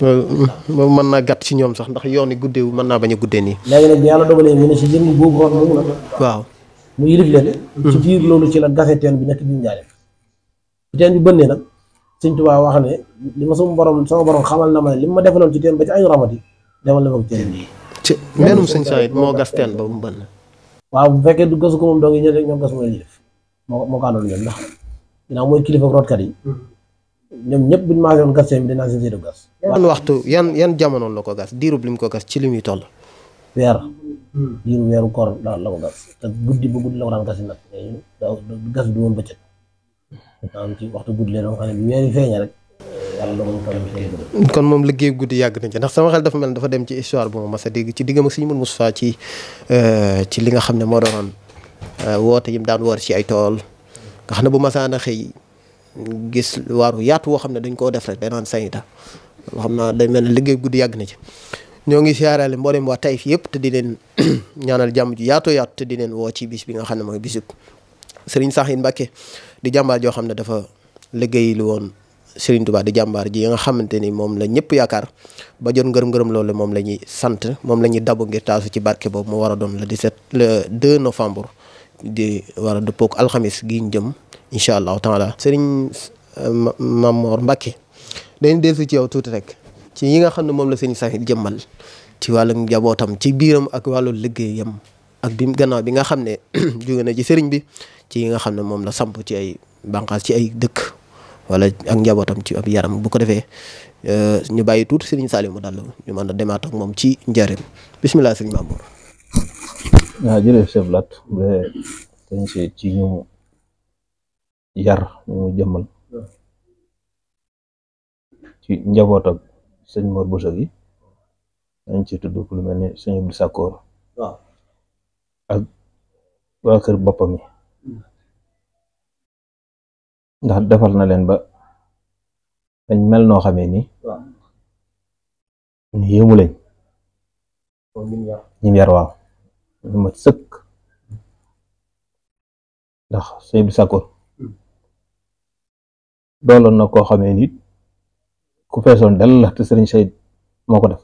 loolu man naa gàtt ci ñoom sax ndax yoon yi guddee wu mën naa bañ a guddee nii. léegi nag yàlla dogalee ñu ne si jëmm boobu wax waaw mu yilif leen. Hmm. ci biir loolu ci la gasee teen bi nekk biir Njaareem. teen bi bënnee nag Sëñ Tuubaa wax ne li ma sama borom sama borom xamal na ma li ma defaloon ci teen ba ci ay ramadi demal na ma teen bi. ci meenum sëñ saa it moo gas teen ba mu bënn. waaw bu fekkee du gasu ko moom dong yi ñoom gas mooy yilif moo moo ko àndoon ñoom ndax ginnaaw mooy kilifa rootkat yi hmm. ñoom ñëpp bu ñu maasee woon gas seen bi dinaa seen yan waxtu yan ko gas diirub lim ko gas ci li muy toll. weer hmm. diiru weeru koor daal la guddi ba guddi la ko daan gasi nag gas du woon leen xam eh, kon moom liggéey guddi yàgg nañ ci ndax sama xel dafa mel dafa dem ci histoire bu ma mas a dégg ci diggam ak Sëriñ Mouhamadou Moustapha ci eh, ci li nga xam ne moo doonoon eh, woote yi mu daan woor ci ay tool nga xam ne bu masaan a xëy gis waaru yaat woo xam ne dañ koo def rek day naan sanita xam naa dañ mel ne liggéey guddi yàgg na ci ñoo ngi siyaaraale mboolem waa Taïf yëpp te di leen [CLEARS THROAT] ñaanal jàmm ju yaatoo yaatu te di leen woo ci bis bi nga xam ne mooy bisub sax Sakhine Mbacké di jàmbaar joo xam ne dafa liggéey lu woon sëriñ Touba di jàmbaar ji nga xamante ni moom la ñëpp yaakaar ba jot ngërëm ngërëm loolu moom la ñuy sant moom la ñuy dabu ngir taasu ci barke boobu mu war a doon le 17 le 2 novembre. di war a dëppook alxamis gi ñu jëm incha allahu taala sëriñ euh, Mamor Mbacke dañ dellu ci yow tuuti rek ci yi nga xam ne moom la sëriñ Saxiit jëmmal ci wàllu njabootam ci biiram ak wàllu liggéeyam ak bi gannaaw bi nga xam ne [CLEARS THROAT] jóge na ci sëriñ bi ci yi nga xam ne moom la samp ci ay bànqaas ci ay dëkk wala ak njabootam ci ab yaram bu ko defee euh, ñu bàyyi tuuti sëriñ Saaliw mu dal ñu mën a demaat moom ci njëriñ bisimilah sëriñ Mamor waaw jërëjëf Cheikh Lat bu dañ see ci ñu yar ñu jëmmal njaboot ak sëñ Mor Bousso gi dañ ci tudd ku lu mel ni sëñ Abdou Sakkoor ak waa kër boppam yi ndax na leen ba dañ mel noo xamee ni ñu ñim yar lu sëkk ndax sëñ bi sàkkoor dooloon na koo xamee nit ku feesoon dal la te sëriñ moo ko def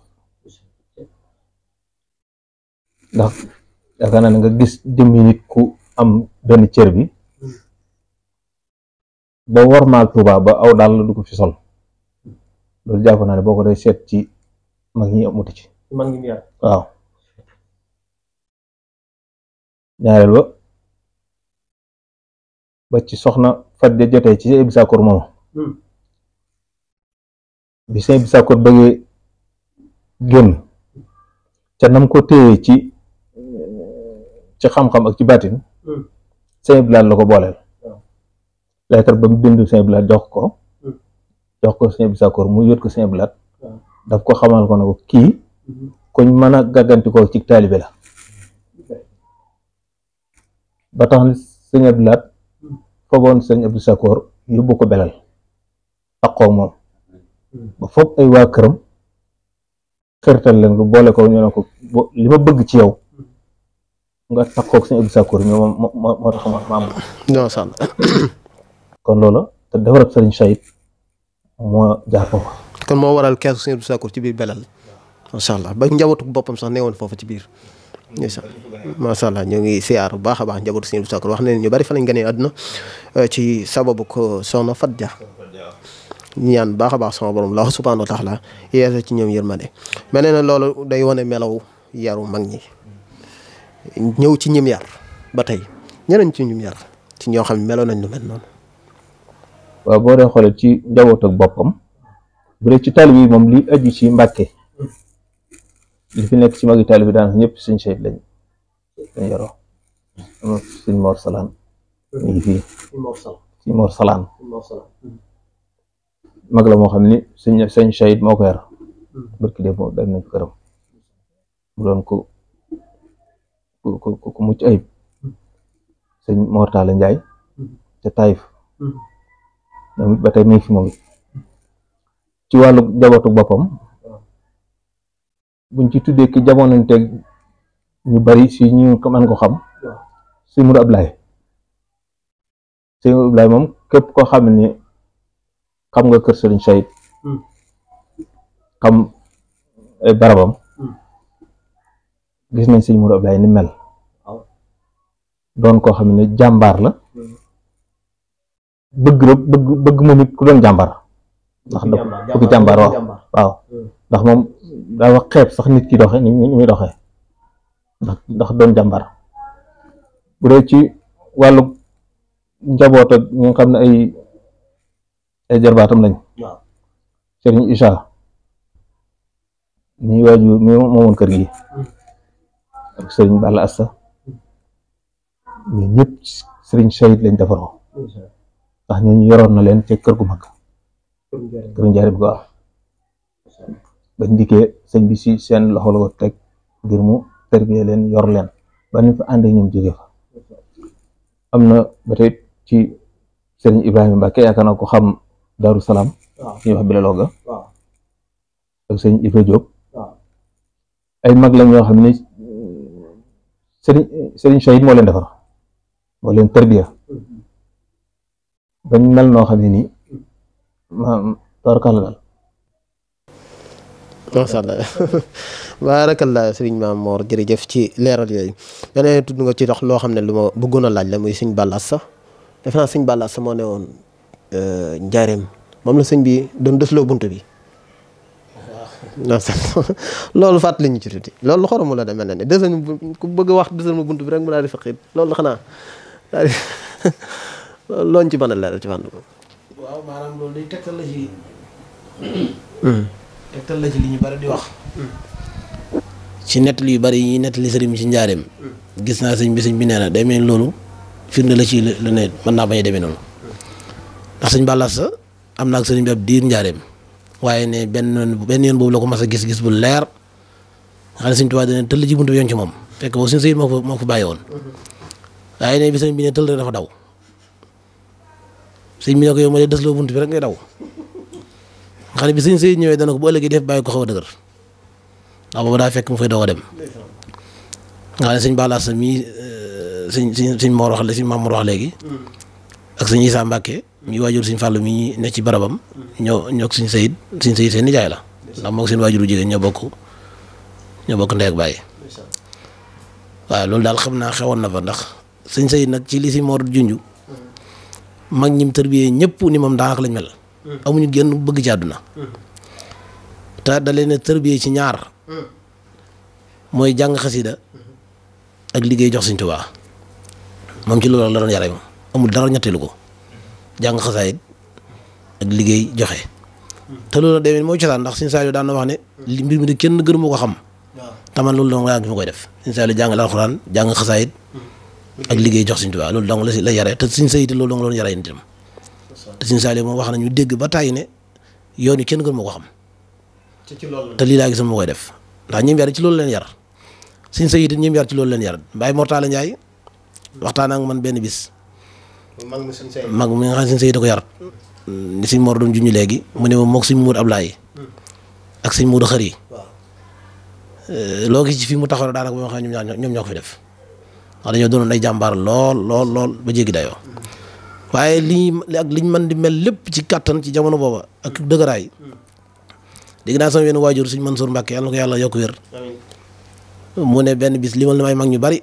ndax yaakaar naa ne nga gis jëmmi nit ku am benn cër bi ba wormaal Tuuba ba aw daal du ko fi sol loolu jàpp naa ne boo ko dee seet ci mag ñi amuti ci waaw ñaareel ba ba ci soxna fadde jotee ci Ibou Sakkour moomu hmm. bi sëñ Ibou Sakkour bëggee génn ca nam ko téye ci ci xam-xam ak ci baatin hmm. sëñ Ibou la ko booleel hmm. leetar ba mu bind sëñ jox ko jox ko sëñ Ibou mu yót ko sëñ Ibou daf ko xamal ko ne ko kii koñ mën a gàggantikoo ci taalibe la ba tax na sëñ Abdou Lahat fogoon sëñ Abdou Sakor yóbbu ko belal taqoo moom ba foog ay waa këram xërtal leen ko boole ko ñu ne ko li ma bëgg ci yow nga taqoo ak sëñ Abdou Sakor ñoo moom moo tax ma am kon loola te defarat sëriñ Sayid moo jaar foofa kon moo waral keesu sëñ Abdou Sakor ci biir belal macha ba njabootu boppam sax neewoon foofu ci biir macha allah ñoo ngi siyaar bu baax a baax njabootu suñu Abdou Sakor wax nañu ñu bari fa lañ gënee àdduna euh, ci sababu ko soxna Fat Dia ñaan baax a baax sama borom la subhaanahu wa taala yeesa ci ñoom yërmande ma ne na loolu day wane melaw yaru mag ñi ñëw ci ñim yar ba tey ñeneen ci ñim yar ci ñoo xam ne meloo nañ lu mel waaw boo dee xoolee ci njaboot boppam bu dee ci taalibe yi moom li aju ci Mbàkke li fi nekk ci magi taalif daan ñëpp suñ Cheikh lañ lañ yoroo am Salaan mi ngi fii suñ Salaan mag la moo xam ni suñ suñ Cheikh moo ko hmm. barki de moom dem nañ ko këram mu doon ko ku ku mucc ayib hmm. suñ Mor Talla Njaay hmm. ca Taïf ba tey mi fi moom ci wàllu jabootu boppam bu buñ ci tuddee ki jamonoonteeg ñu bari si ñu ko man ko xam sëñ Mourou Ablaye sëñ Mourou moom képp koo xam ni xam nga kër Sëriñ Sayid hmm. xam ay eh, barabam hmm. gis nañ sëñ Mourou Ablaye ni mel doon koo xam ne jàmbaar la hmm. bëgg rek bëgg moom it ku doon jàmbaar ndax dafa bëgg jàmbaar waaw ndax moom daa wax sax nit ki doxe ni muy doxee ndax ndax doon jàmbar bu dee ci wàllu njaboot xam ne ay ay lañ sëriñ Isa ñi waaju mi moomoon kër gi hmm. ak sëriñ Balla Asta ñu ñëpp sëriñ lañ defaroo hmm. ndax ñooñu yoroon na leen ca kër gu mag kër njaari bi bañ dikkee sëñ bi si seen loxo la ko teg ngir mu tarbiyee leen yor leen ba ñu fa àndee ñoom jóge fa am na ba tey ci sëriñ Ibrahima Mbacke yaakaar naa ko xam Daaru Salaam ñuy wax Bilal Oga ak sëriñ Ibra Diop ay mag la xam ne sëriñ sëriñ Chahid moo leen defar moo leen tarbiya mm-hmm. bañ mel noo xam nii maanaam tarkal daal macha allah [LAUGHS] baarakallah sëriñ Maam Mor jërëjëf ci leeral yooyu. beneen tudd nga ci dox loo xam ne lu ma bëggoon a laaj la muy sëñ Balla Assa def naa sëñ Balla Assa moo ne woon euh, njaareem moom la sëñ bi doon dësloo bunt bi. non [LAUGHS] loolu fàttali ñu ci tuuti loolu xoromu la demee na ne dësal ku bëgg wax dësal ma bunt bi rek mu daal di faqit loolu xanaa [LAUGHS] daal looñ ci mën leeral ci fànn ko la ci hmm. tegtal ci li ñu bari di wax. ci nettali yu bari yi nettali sëriñ bi ci njaareem. gis naa sëñ bi sëñ bi nee na day loolu firnde la ci lu ne mën demee noonu. ndax sëñ Balla sa am naa ak sëriñ bi ab diir njaareem waaye ne benn benn yoon boobu la ko mas a gis-gis bu leer xam ne sëñ Tuubaa dana tëll ci buntu bi yoon ci moom fekk boobu suñu sëriñ moo ko bàyyi woon waaye ne bi sëriñ bi ne tëll rek dafa daw sëñ bi ne ko yow ma dee des loo buntu bi rek ngay daw nga xam ne bi sëñ Seydi ñëwee dana ko bu ëllëgee def bàyyi ko xaw a dëgër boobu daa fekk mu fay doog dem nga xam ne sëñ Balla Assane mii euh, sëñ sëñ sëñ Mor wax la sëñ Mamour wax léegi ak sëñ Issa Mbacke mi ci barabam ñoo ñoo sëñ Seydi sëñ Seydi seen nijaay la ndax moo ko seen waajuru jigéen ñoo bokk ñoo bokk ndey ak bàyyi waaw loolu daal xam naa xewoon na fa ndax sëñ Seydi nag ci li si Mor junj mag ñim tërbiyee ñëpp ni moom daanaka lañ mel amuñu génn bëgg ci àdduna te da leen a tërbiyee ci ñaar mooy jàng xasida ak liggéey jox Sëñ Tuubaa moom ci loolu la amul dara ñetteelu ko jàng xasaayit ak liggéey joxe te loolu demee mooy cosaan ndax Sëñ Saaliw daan na wax ne li mbir mi de kenn gënu ma ko xam taman loolu dong laa gis ma koy def Sëñ Saaliw jàng alxuraan jàng xasaayit ak liggéey jox Sëñ Tuubaa loolu la si la yare te Sëñ Saaliw loolu dong la doon yare te Sëñ Saaliw moom wax nañu dégg ba tàyyi ne yoon yi kenn gën ma ko xam. ci loolu te lii laa gis ma koy def ndax ñim yar ci loolu leen yar Sëñ Sayid ñim yar ci loolu leen yar Mbaye Mortala Ndiaye man benn bis. mag mi Sëñ mag mi nga xam Sëñ Sayid da ko yar. ni Sëñ Mor doon junj léegi mu ne ma moog Sëñ Mour Ablaye ak Sëñ Mour Xari. loo gis ci fii mu taxaw daanaka ba nga xam ñoom ñoo ko fi def wax dañoo doonoon ay jàmbaar lool lool lool ba jéggi dayoo. waaye li ak liñ mën di mel lépp ci kàttan ci jamono booba ak dëgëraay dégg naa sama benn waajur suñ Mansour Mbàkke yàlla na ko yàlla yokk wér mu ne benn bis limal na may mag ñu bari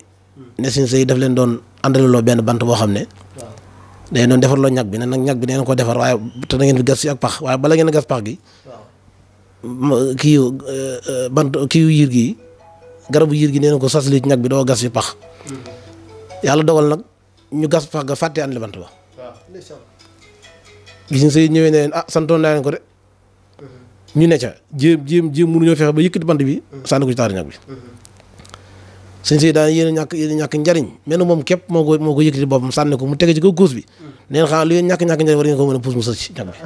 ne suñ sëy daf leen doon àndaleloo benn bant boo xam ne day doon loo ñag bi ne nag ñag bi nee ko defar waaye na ngeen fi gas si ak pax waaye bala ngeen gas pax gi kii euh, euh, bant kii gi garabu yiir gi nee ko sas li ci bi doo gas si pax mm-hmm. yàlla dogal nag ñu gas pax ga fàtte ànd li bant ba gis nga say ñëwee ne leen ah santoon naa leen ko de ñu ne ca jéem jéem jéem mënuñoo fexe ba yëkkati bant bi sànni ko ci taari ñag bi sëñ Seydou daan yéen a ñàkk yéen a ñàkk njariñ mel na moom képp moo ko moo ko yëkkati boppam sànni ko mu tege ci kaw kuus bi neen xanaa lu yéen ñàkk ñàkk njariñ war ngeen a puus mu sës ci ñag bi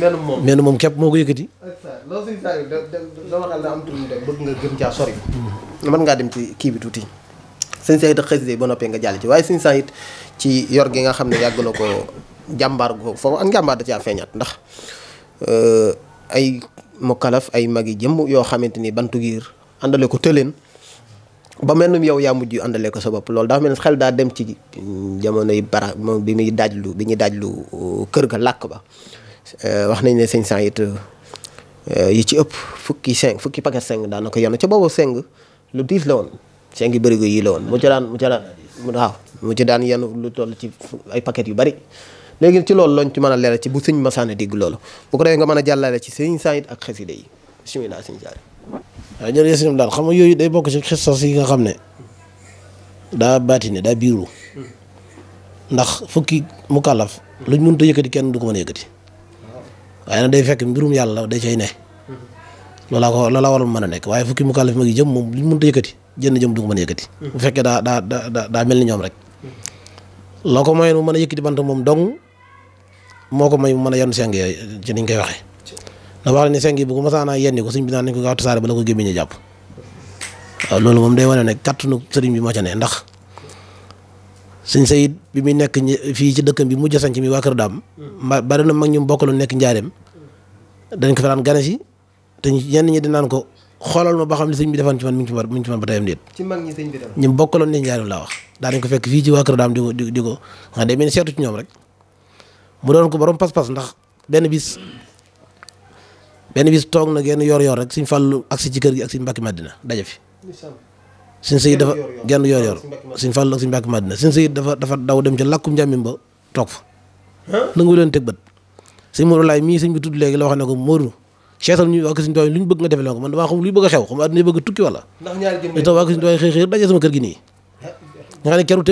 mel moom moom képp moo ko yëkk loolu sëñ Saliou dama xam ne am tur ngaa dem ci kii bi tuuti sëñ Cheikh it xasida ba noppee nga jàll ci waaye sëñ Cheikh ci yor gi nga xam ne yàgg na ko jàmbaar gu foofu ak njàmbaar da caa feeñaat ndax euh, ay mukkalaf ay mag yi jëm yoo xamante ni bantu giir àndale ko tëleen ba mel ni yow yaa mujj àndale ko sa bopp loolu dafa mel ni xel daa dem ci jamono yi bara moom bi muy daajlu bi ñuy daajlu euh, kër ga làkk ba euh, wax nañ ne sëñ Cheikh it yi ci ëpp fukki seng fukki paquet seng daanaka yenu ca boobu seng lu diis la woon cinq bërigo yi la woon mu ci daan mu ci daan waaw daan yenn lu toll ci ay paquet yu bari léegi ci loolu lañ ci mën a leeral ci bu sëñ masaana dégg loolu bu ko defee nga mën a jàllale ci sëñ saayit ak xasida yi bismillah sëñ saayit waaw jërëjëf sëñ daal xam nga yooyu day bokk ci xisas yi nga xam ne daa ne daa biiru ndax fukki mu kàllaf luñ mënut a yëkkati kenn du ko mën a yëkkati waaye nag day fekk mbirum yàlla day cay ne loolaa ko loolaa waroon mën a nekk waaye fukki mu kàllaf ma ngi jëm moom luñ mënut a yëkkati jënd jëm du ko mën a yëkkati. bu fekkee daa mel ni ñoom rek. loo ko mayoon mu mën a yëkkati moom moo ko may mu mën a yenn seng yooyu ci niñ koy waxee. ndax wax ne seng bu ko masaanaa yenni ko sëñ bi naan nañ ko gaaw tasaare ba la ko a jàpp. waaw loolu moom day wane ne kattanu sëriñ bi moo ca ne ndax sëñ Sayid bi muy nekk fii ci dëkkam bi mujj sanc mi waa Kër Daam. bari na mag ñu bokkaloon nekk njaareem dañ ko fa daan gane si te ñenn di naan ko. xoolal ma ba xam ne sëñ bi defoon ci man mi ngi ci man mi ngi ci man ba tayam déet ñi sëñ bi defoon ñi bokkaloon ne wax daa ko fekk fii ci waa daam di ko di ko seetu ci ñoom rek mu doon ko borom pas-pas ndax benn bis benn bis toog na genn yor-yor rek suñ fàllu agsi ci kër gi ak suñ mbàkki Madina daje fi suñ sëyit dafa genn yor-yor suñ fàllu ak suñ mbàkki Madina suñ sëyit dafa dafa daw dem ca làkkum njàmmim ba toog fa nangu leen teg bët suñ Modou Laay mii sëñ bi tudd léegi la wax ne ko Modou seetal ñu waa kër suñu doy lu ñu bëgg nga defee ko man damaa xam luy bëgg a xew xam àdduna bëgg tukki wala itam waa kër suñu doy xëy xëy daje sama kër gi nii nga xam ne keru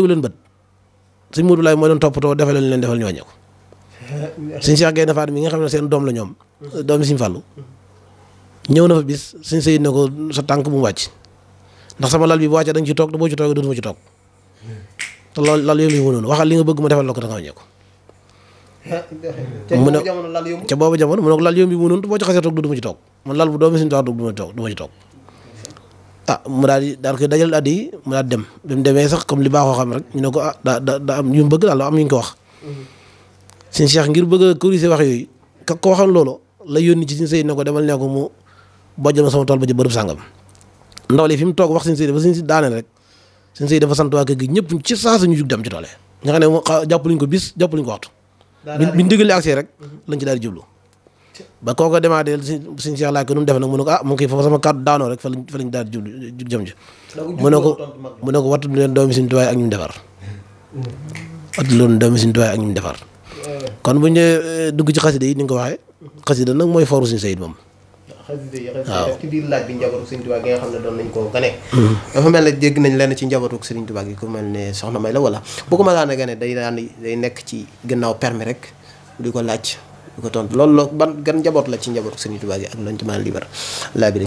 mi nga xam ne seen doom la ñoom doomi si Fallou ñëw na fa bis suñ sëy ne ko sa tànk bu wàcc ndax sama lal bi bu wàccee da ci toog te boo ci toogee dootuma ci toog te loolu lal yooyu la ñu waxal li nga bëgg ma defal la ko da nga wàññeeku mu ne ca boobu jamono mu ne ko lal yomb bi mu noonu boo ci xasee toog du ma ci toog man lal bu doomi suñu ma ci toog du ma ci ah, di daal koy dem bi mu sax comme li baaxoo xam rek ñu ne ko ah, da da da am yu ko wax mm-hmm. suñu cheikh ngir bëgg a corriger wax yooyu ka ko waxoon loolu la yónni ci suñu sëy ko demal ne ko mu bojjal ma sama tool ba ci bërëb sàngam ndaw li fi mu toog wax suñu sëy ba si daaneel rek suñu dafa sant waa gi ñëpp ci saa ñu jug dem ci toole nga xam ne jàpp luñ ko bis jàpp luñ ko waxtu bi ñu diggalee accès rek mhm. lañ ci daal di jublu ba kooka demaatee suñ Cheikh laaj ko nu mu def nag mu ne ko ah mu ngi fa sama kàddu daanoo rek fa lañ fa lañ daal di jublu jëm ji mu ne ko ko wattu leen doomi suñ tubaay ak ñu defar mhm. wattu loolu doomi suñ tubaay ak ñu defar kon bu ñu eh, dugg ci xasida yi ni nga ko waxee xasida nag mooy foru suñ sayid moom xasida yi xasida def ci biir laaj bi njabootu Serigne Touba gi nga xam ne doon nañ koo gane hmm. dafa mel ne dégg nañ lenn ci njabootu Serigne Touba gi ku mel ne soxna may la wala bu ko ma daan a gane day daan day nekk ci di ko laaj di ko tontu loolu la ban gan njaboot la ci njabootu Serigne Touba gi ak lañ ci mën a libar laa bi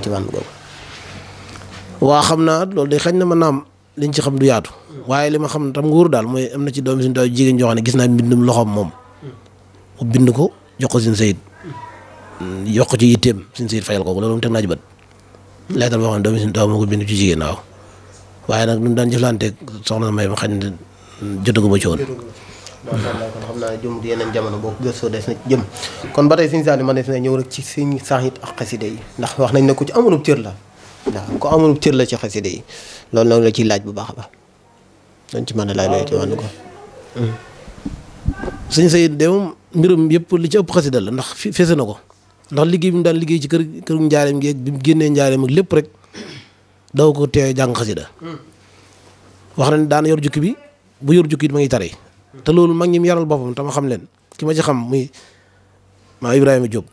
naa loolu day xañ na mën naa am liñ ci xam du yaatu waaye li ma xam tam nguur daal mooy am na ci doomi Serigne Touba jigéen joo ne gis naa mbindum loxoom moom hmm. mu bind ko jox ko Serigne Seydi yokk ci yitteem suñ siir fayal kooku loolu mu teg naa ci bët leetal boo xam ne doomi suñ taw ci jigéen waaw waaye nag ñun daan jëflanteeg soxna May ma xam ne jotaguma ci woon macha allah kon xam naa jamono boo gëstoo des na ci kon ba tey suñu saali man des na ñëw rek ci suñu saaxit ak xaside ndax wax nañ ne ko ci amoonub cër la waaw ku amoonub cër la ci xaside yi loolu loolu la ciy laaj bu baax ba dañ ci mën a laaj looy ci wàllu ko suñu sayit de moom mbirum yëpp li ci ëpp xasida la ndax fese na ko ndax liggéey bi mu daan liggéey ci kër këru njaareem gi bi mu génnee njaareem ak lépp rek daw ko teewee jàng xasida wax na ne daan yor jukki bi bu yor jukki it ma ngi tari te loolu mag ñi mu yaral boppam te ma xam leen ki ma ci xam muy maa Ibrahima jóg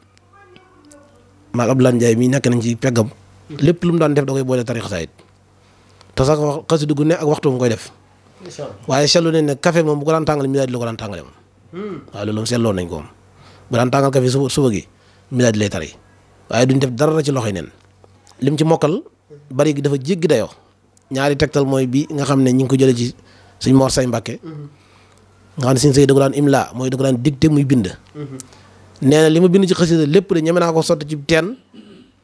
maa Abdoulaye Ndiaye mii nekk nañ ci peggam lu mu daan def da koy boole tari ne ak waxtu mu koy def waaye seetlu ne café moom bu ko daan tàngal mi daal di la daan tàngale moom hmm. loolu moom seetloo nañ ko moom bu daan tàngal café suba gi mi daal di lay tari waaye duñ def dara ci loxoy nen lim ci mokkal bari gi dafa jéggi dayoo ñaari tegtal mooy bi nga xam ne ñu ngi ko jëlee ci suñ Mor Say Mbàkke nga xam ne da daan imla mooy da ko daan muy bind nee na li ma bind ci xasida lépp de ñeme naa ko sotti ci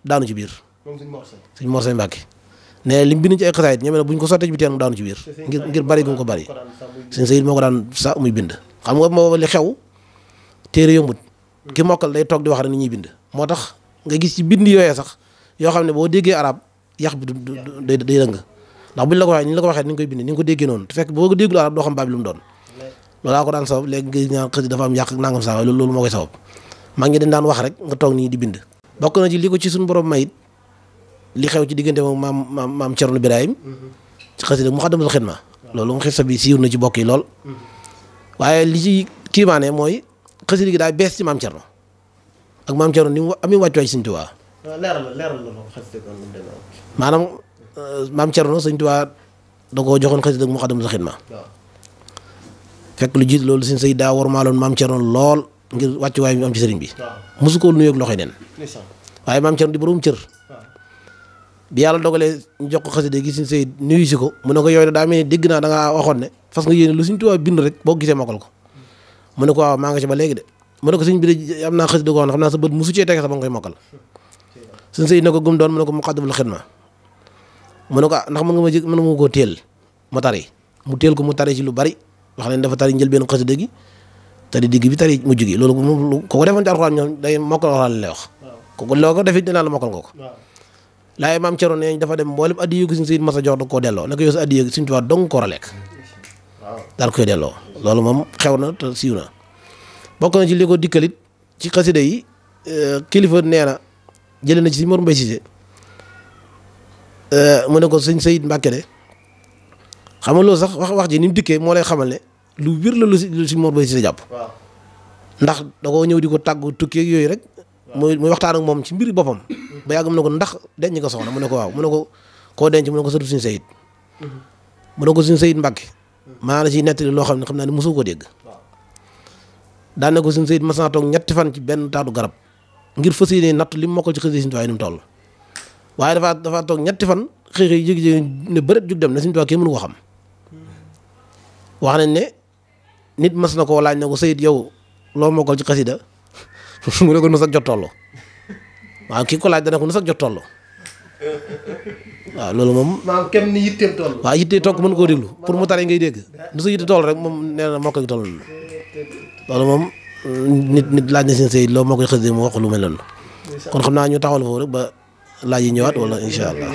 daanu ci biir suñ Mor Say Mbàkke nee na li mu bind ci buñ ko sotte ci teen mu daanu ci biir ngir ngir bari gu mu ko bari suñ sayid moo ko daan sa muy bind xam nga moo li xew téere yombut ki mokkal day toog di wax rek ni ñuy bind moo tax nga gis ci bind yooyee sax yoo xam ne boo déggee arab yax bi du day day dëng ndax buñ la ko waxee ni la ko waxee ni ñu koy bind ni nga ko déggee noonu te fekk boo ko déggul arab doo xam baab lu mu doon loolaa ko loolu waaye li ci kiimaane mooy xasida gi daa bees ci maam Thierno ak maam Thierno ni mu amee wàccuwaay ci Sëñ Tuubaa. leeral la leeral la moom xasida kon maanaam euh, maam Thierno Sëñ Tuubaa da koo joxoon xasida ak Muxaddamatul Xidma. fekk lu jiit loolu sëñ say daa war maaloon lool ngir wàccuwaay bi am ci sëriñ bi. waaw mosu ko waaye maam Thierno di borom cër. bi yàlla dogalee ñu jox ko xasida gi sëñ Sëy nuyu si ne daa mel ni dégg naa da ngaa waxoon ne fas nga yéene lu Sëñ Tuubaa bind rek boo gisee mokkal ko mu ne ko waaw maa nga ci ba léegi de mu ne ko sëñ bi de am naa xës di ko xam naa sa bët musu cee tege sax ba nga koy mokkal sëñ ko gum doon mu ko mu ne ko ah ndax mën nga ma jëg mën nga koo teel mu tari mu teel ko mu tari ci lu bari wax leen dafa tari njëlbeen xasida gi tari digg bi tari mujj gi loolu moom ko ko defoon ci alxuraan ñoom day mokkal alxuraan lay wax kooku loo ko defit dinaa la ko laaye maam Cerno neñ dafa dem mboolem addiyu gi suñ sëñ mas a jox da koo delloo ne ko yow sa addiyu gi suñ dong ko a lekk daal koy delloo loolu moom xew na te siiw na bokk na ci li ko dikkalit ci xasida yi euh, kilifa nee na jëlee na ci Mor Mbaye euh, ne ko sëñ Sayid Mbàkke de xam sax wax wax ji ni mu moo lay xamal lu wér la lu si lu si Mor jàpp ndax da ñëw di ko tàggu tukki yooyu rek muy muy waxtaan moom ci mbiri boppam ba yàgg mu ne ko ndax denc nga soxna mu ne ko waaw mu ne ko koo denc mu ne ko sëtu suñu Sayid mhm. mu ne ko suñu Sayid Mbàkke maa la ciy nettali loo xam ne xam naa ne mosu ko dégg daan ko suñu sëyit mas naa toog ñetti fan ci benn taatu garab ngir fas yéene natt li mu mokkal ci xësi Sëriñ ñetti fan xëy xëy jékki-jékki dem na Sëriñ Tuubaa kenn mënu ko xam nañ ne nit mas na koo laaj na ko sëyit yow loo mokkal ci xasida [LAUGHS] mu ne ko nu jot toll waaw kii ko laaj dana ko nu jot toll waaw loolu moom maanaam kenn ni yitteem toll waaw toog mën koo déglu pour mu tare ngay dégg nu sa yitte toll rek moom nee na moo koy toll loolu moom nit nit laaj na seen sëy loolu moo koy xëy mu wax lu mel noonu kon xam naa ñu taxawal foofu rek ba laaj yi ñëwaat wala incha [LAUGHS] allah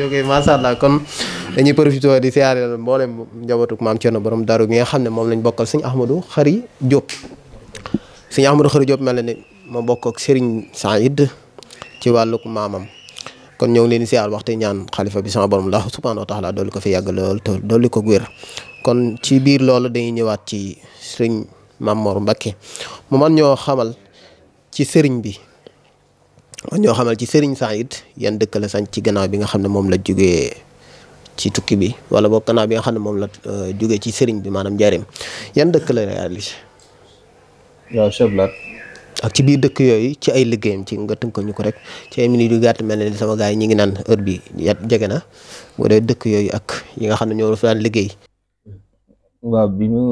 yow macha allah kon dañuy profité di siyaare mboolem njabootuk maam Thierno borom daru gi nga xam ne moom lañ bokkal sëñ Ahmadou Khary Diop sëñ Ahmadou Khary Diop mel na ne ma bokk ak Serigne Saïd ci wàlluk maamam kon ñëw ngi leen si siyaar wax te ñaan xalifa bi sama borom la subhaanahu wa taala dolli ko fi yàgg lool te dolli ko wér kon ci biir loolu dañuy ñëwaat ci sëriñ Mame Mor Mbacke man ñoo xamal ci sëriñ bi ñoo xamal ci sëriñ Saïd yan dëkk la sañ ci gannaaw bi nga xam ne moom la jógee ci tukki bi wala boog gannaaw bi nga xam ne moom la euh, jógee ci sëriñ bi maanaam njariñ yan dëkk la réalisé. waaw ak ci biir dëkk yooyu ci ay liggéeyam ci nga tënk ñu ko rek ci ay minutes yu gàtt mel na ni sama gars ñu ngi naan heure bi yat jege na boo dee dëkk yooyu ak yi nga xam ne ñoo daan liggéey. waaw bi mu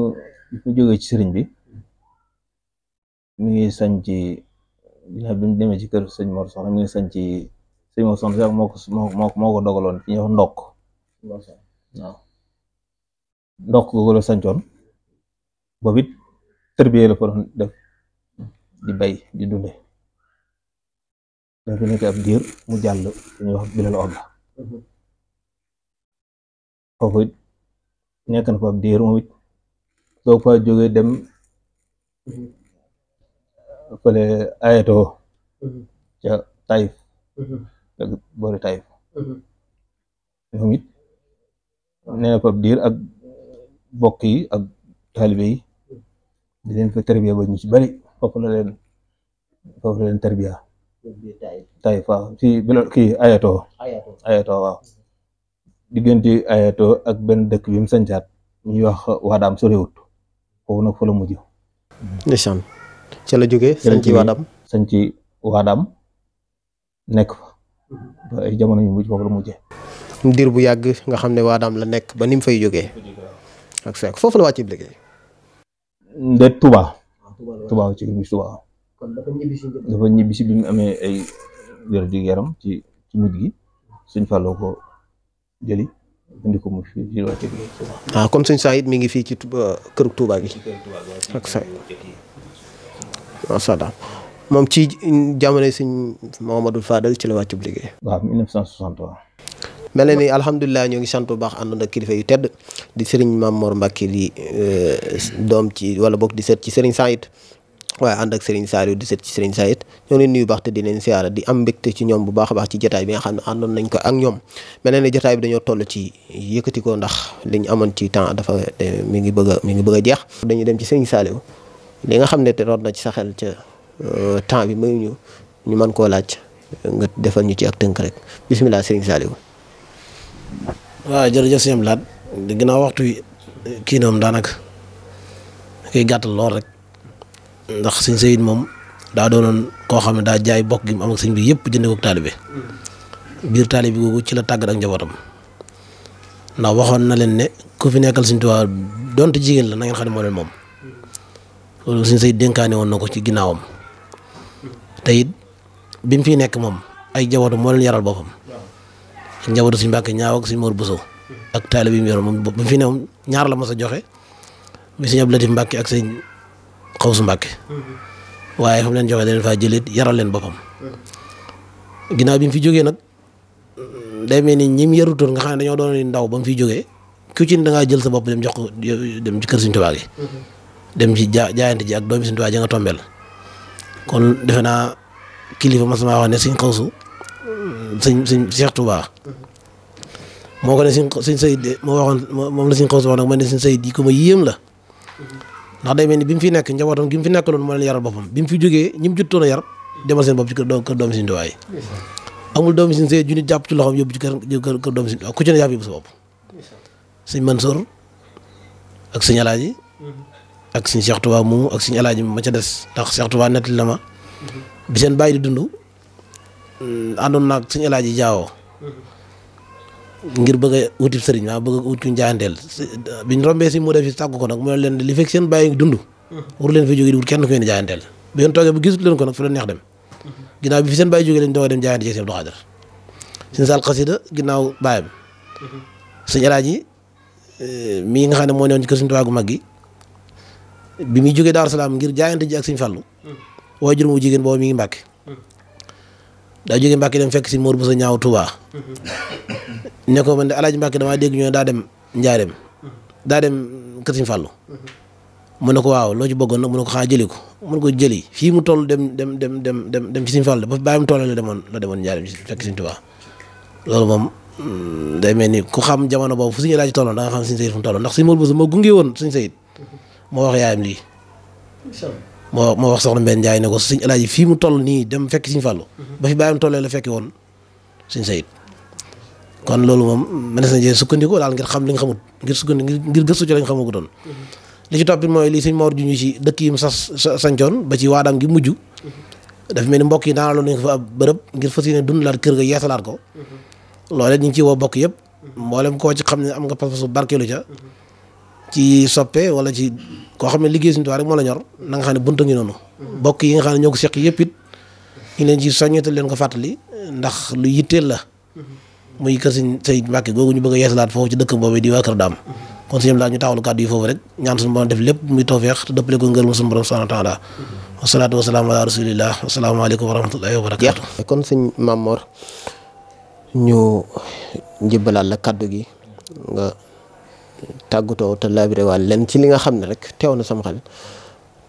bi jógee ci sëriñ bi mu ngi sañ ci ginnaaw bi mu demee ci kër sëñ Mor Soxna mi ngi sañ ci sëñ Mor Soxna sax moo ko moo ko moo ko dogaloon fi ñuy wax ndokk waaw ndokk googu la sañcoon boobu it tërbiyee la ko def. di bay di dunde dañ fi nekk ab diir mu jàll ñu wax bilal orda mhm. foofu it nekk na fa ab diir moom it soo fa jógee dem mhm. fële ayatoo mhm. ca Taïf boori Taïf moom it nee fa ab diir ak bokk yi ak taalibe yi di leen fa tarbiya ba ñu bari foofu la leen tarbiya tayif waaw ci bilo kii ayato ayato waaw diggante ayato ak benn dëkk bi mu sancaat ñuy wax waadaam sorewut foofu nag fa la mujj ndeysaan ca la jógee sanci waadaam nekk fa ba ay jamono yu mujj foofu la mujjee diir bu yàgg nga xam ne waadaam la nekk ba ni fay jógee foofu la wàcc bi liggéey nde Tuubaa ci église Tuubaa kon dafa ñibbisi dafa ñibbisi bi mu amee ay wér di yaram ci ci gi suñ fàlloo ko jëli indi ko mu fii ci wàcce bi ah, mi ngi fii ci këru Touba gi ak Saïd masha Allah moom ci jamono suñ Mamadou Fadal ci la wàccub liggéey waaw mel na ni ñoo ngi sant bu baax àndoon ak kilifa yu tedd di sëriñ Mamor Mbacke di euh, doom ci wala bokk di seet ci sëriñ Saïd waaye ànd ak sëriñ Saliou di seet ci sëriñ Saïd ñoo ngi leen baax te di leen siyaara di am mbégte ci ñoom bu baax a baax ci jotaay bi xam ne àndoon nañ ko ak ñoom mel na ni bi dañoo toll ci yëkkati ndax li ñu amoon ci temps dafa mi ngi bëgg a mi ngi bëgg a jeex. dañuy dem ci sëriñ Saliou li nga xam ne te root na ci sa xel ca euh, temps bi mayuñu ñu mën koo laaj nga defal ñu ci ak tënk rek bisimilah sëriñ Saliou waaw jërëjëf sëñ Abdou Lahad ginnaaw waxtu kii noom daanaka koy gàtt lool rek ndax sëñ Seyid moom daa doonoon koo xam ne daa jaay bokk gi mu am ak sëñ bi yëpp jëndee ko taalibe biir taalibe googu ci la tàggat ak njabootam ndax waxoon na leen ne ku fi nekkal sëñ Tuubaa donte jigéen la na ngeen xam ne moo leen moom loolu sëñ Seyid dénkaane woon na ko ci ginnaawam te it bi mu fiy nekk moom ay njabootam moo leen yaral boppam ak njabootu suñ Mbàkke ñaaw ak suñ ak taalibe bi mu yoroon moom bu fi ne moom ñaar la mos a joxe si suñ Abdou Latif Mbàkke ak suñ Xawsu Mbàkke waaye fa mu leen joxe da leen faa jëlee yaral leen boppam. ginaa bi fi jógee nag day mel ni ñi mu yarutoon nga xam dañoo doon ndaw ba mu fiy jógee ku ci ne jël sa bopp dem jox ko dem ci kër suñ Tuubaa mm-hmm. dem ci jaa jaayante ji ak doomi suñ Tuubaa ji nga tombeel kon defe naa kilifa mas maa wax ne suñ Xawsu sëñ sëñ Cheikh Touba moo ko ne sëñ sëñ Sayid de moo waxoon moom la sëñ xaw si wax nag man ne sëñ Sayid yi ko ma yéem la ndax day mel ni bi mu fi nekk njabootam gi mu fi loon moo leen yaral boppam bi mu fi jógee ñi mu juttoon a yar demal seen bopp ci kër amul doomi sëñ Sayid ju jàpp ci loxoom yóbbu ci kër kër doomi sëñ Touba ku ci ne yaa sëñ Mansour ak sëñ Alaaji ak sëñ Cheikh Touba moomu ma ca des ndax Cheikh Touba na ma bi seen bàyyi di dund Mm, àndoon naag suñu El Hadji ngir bëgg a wutib sëriñ maa bëgg a wut ku njaayanteel biñ rombee si mu def fi tàggu ko nag mu ne leen li fekk seen bàyyi dund waru leen fi jóge di wut kenn ku ngeen jaayanteel bu ngeen toogee bu gisut leen ko nag neex dem ginnaaw bi fi seen bàyyi jóge lañ doog dem jaayante ci seen Abdou Khadre suñ sal ginnaaw bàyyam suñu El Hadji eh, mii nga xam ne moo newoon ci kër suñu tuwaagu jógee Daaru Salaam ngir jaayante ji ak suñ fàllu waajur mu jigéen boobu mi daa jógee Mbacke dem fekk si Mor Boussa ñaaw Touba ne ko man de Alaaji Mbacke damaa dégg ñu daa dem Njaareem daa dem Kër Sëñ Fallou mu ne ko waaw loo ci bëggoon nag mu ne ko xaa jëli ko mun ko jëli fii mu toll dem dem dem dem dem ci Sëñ Fallou ba bàyyi mu toll la demoon la demoon Njaareem fekk Sëñ Touba loolu moom mm, day mel ni ku xam jamono boobu fu suñu laaj tolloon da nga xam suñu ndax suñu Mor Boussa moo gunge woon suñu sayit moo wax yaayam lii moo moo wax soxna Mbène Ndiaye ne ko sëñ alaaji fii mu toll nii dem fekk sëñ Fallou mhm. ba fi bàyyam tollee la fekki woon sëñ Sayid kon loolu moom mënees na jee sukkandiku daal ngir xam li nga xamut ngir sukkandiku ngir gëstu ci la nga xamagu doon mhm. li ci toppit mooy li sëñ Mor ju ba ci waadam gi mujj mhm. dafa mel ni mbokk yi daana loolu nañ ko fa ab bërëb ngir fas yéene dundalaat kër ga yeesalaat ko loolee ñu ngi ci woo bokk yëpp mboolem koo ci xam ne am nga pas-pasu barkeelu ca ci soppe wala ci koo xam ne liggéey suñu Tuubaa rek moo la ñor na nga xam ne buntu ngi noonu bokk yi nga xam ne ñoo ko seq yëpp it ñu leen ci soññeetal leen ko fàttali ndax lu yitteel la muy kër sëñ say Mbàkke googu ñu bëgg a yeesalaat foofu ci dëkk boobu di waa kër daam kon sëñ daal ñu taxawlu kàddu yi foofu rek ñaan suñu borom def lépp muy tawfeex te dëppale ko ngërëm suñu borom subhaanahu wa taala wasalaatu wasalaamu ala rasulillah wasalaamaaleykum wa kon sëñ Maam Mor ñu njëbbalaat la kàddu gi tàggatoo te laabire waa lenn ci li nga xam ne rek teew na sama xel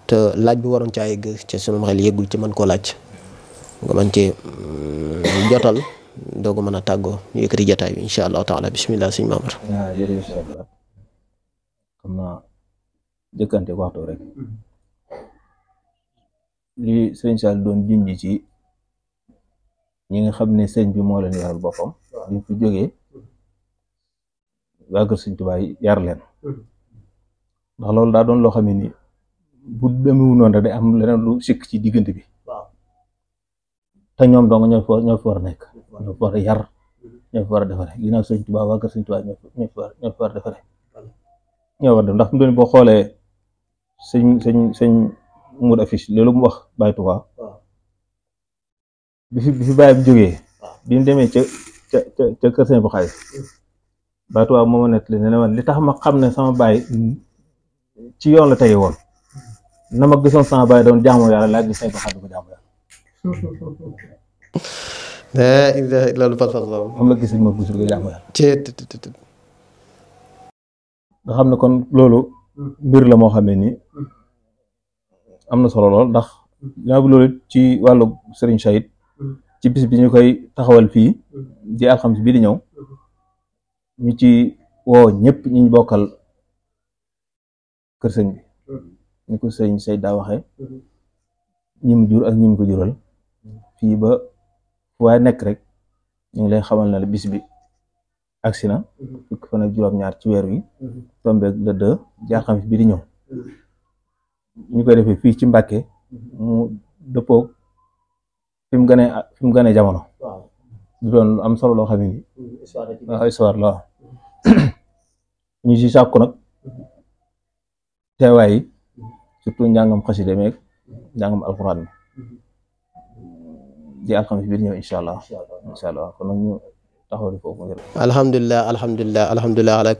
te laaj bi waroon caa yegg ca sunu xel yeggul ci man koo laaj nga mën cee mm, jotal doo ko mën a tàggoo ñu yëkkati jotaay bi incha allahu taala bisimilah sëñ Maamar. waaw ah, jërëjëf sëñ Abdou xam naa rek li sëñ Sall doon junj ci ñi nga xam ne sëñ bi moo leen yoral boppam. waaw fi jógee. waa kër Sëñ Tuubaa yar leen ndax loolu daa doon loo xam ne nii bu demewu noon rek day am leneen lu sikk ci diggante bi te ñoom dong ñoo fi war a nekk ñoo fi war a yar ñoo fi war a defare ginnaaw Sëñ Tuubaa waa kër Sëñ Tuubaa ñoo war defare ndax mu doon boo xoolee sëñ sëñ sëñ Mour affiche loolu mu wax Baye Touba bi fi bi fi jógee bi mu demee ca ca ca kër sëñ bu xaalis baatu waaw moo ma nettali ne man li tax ma xam ne sama baay ci yoon la tey woon na ma gisoon sama baay doon jaamu yàlla laa gis ko xam ne ko jaamu yàlla. loolu paspas la moom la gis ma gisul ko jaamu yàlla. nga xam ne kon loolu mbir la moo xam ne nii am na solo lool ndax ñaa bu loolu ci wàllu Serigne Chahid ci bis bi ñu koy taxawal fii di alxames bii di ñëw. ñu ci woo ñëpp ñu ñu bokkal kër bi mm-hmm. ni ko sëñ say daa waxee mm-hmm. ñi jur ak ñi ko jural fii ba waaye nekk rek ñu ngi lay xamal na la bis bi agsi na mm-hmm. fukk fan juróom-ñaar ci weer wi tombeeg le deux jaar fi ñëw ñu koy defee fii ci Mbàkke mu dëppoo fi mu gënee fi mu gënee jamono du doon am solo loo xam ne histoire la [COUGHS] ñu si sàkku nag teewaay yi surtout njàngam xasida meeg njàngam alxuraan di alxames biir ñëw incha allah incha allah kon nag ñu taxaw di na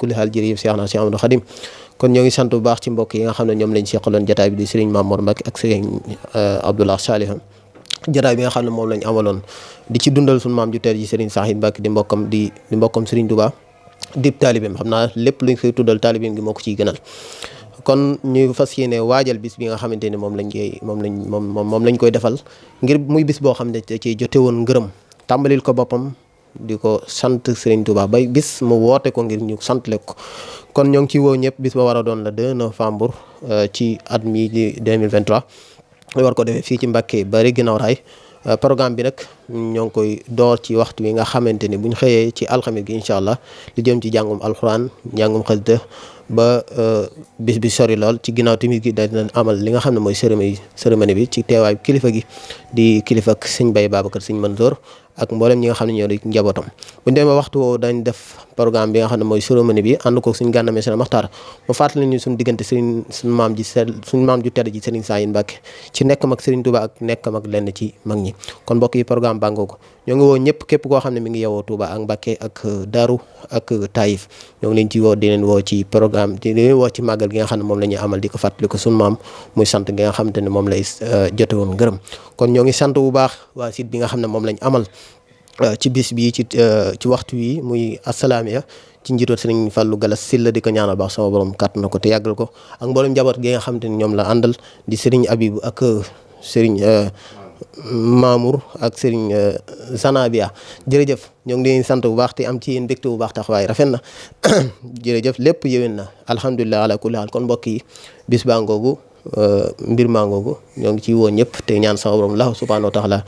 Cheikh Amadou Khadim kon ñoo ngi sant bu baax ci mbokk yi nga xam ne ñoom lañ seqaloon jataay bi di Serigne Mamour ak Serigne euh, Abdoulah Salih bi nga xam ne moom lañ amaloon di ci dundal suñu maam ju teer ji Serigne Sahib Mbacke di mbokkam di di mbokkam Serigne Touba dib taalibeem xam naa lépp luñ koy tuddal taalibeem gi moo ko ciy gënal kon ñuy fas yéene waajal bis bi nga xamante ni moom lañ koy moom lañ moom moom lañ koy defal ngir muy bis boo xam ne da ciy jote woon ngërëm tàmbalil ko boppam di ko sant Serigne Touba bay bis mu woote ko ngir ñu sant le ko kon ñoo ngi ciy woo ñëpp bis ba war a doon la 2 novembre euh, ci at mi di 2023 war ko defee fii ci Mbàkke bari ginnaaw raay Euh, programme bi nag ñoo ngi koy door ci waxtu wi nga xamante ni buñ xëyee ci alxamis gi incha allah lu jëm ci jàngum alxuraan njàngum xasida ba euh, bis bi sori lool ci ginnaaw tamit gi dañ leen amal li nga xam ne mooy cérémonie cérémonie bi ci teewaayu kilifa gi di kilifa ak bay Baye Babacar sëñ Mansour ak mboolem ñi nga xam ne ñoo di njabootam bu ñu demee waxtu ne mooy cérémonie bi ànd ko suñ gànnamee seen maxtaar mu fàttali ñu suñ diggante sëriñ suñ maam ji sel suñ maam mbokk yi programme bàngoo ko ñoo woo ñëpp képp koo xam ne mi ngi yewoo leen ci woo di leen woo ci programme di leen woo ci nga xam ne moom la ñuy amal di ko fàttali ko suñ maam muy sant gi nga xamante ne moom lay euh, jote woon ngërëm kon ñoo ngi sant bu baax waa site bi nga xam ne moom lañ amal Euh, ci bis bii ci euh, ci waxtu wi muy asalaamiya ci njiitoon sëriñ Fallou Galas Sylla di ko ñaanal baax sama borom kàttan na ko te yàggal ko ak mboolem njaboot gi nga xam te ne ñoom la àndal di sëriñ Abibu ak euh, sëriñ Mamour ak sëriñ Zanabia jërëjëf ñoo ngi leen sant bu baax te am ci yéen mbégte bu baax waaye rafet na [COUGHS] jërëjëf lépp yéwén na alhamdulilah ala kulli haal kon mbokk yi bis baa Euh, mbir mangoogu ñoo ngi ci woo ñëpp te ñaan sama borom laahu subhaanahu wa taala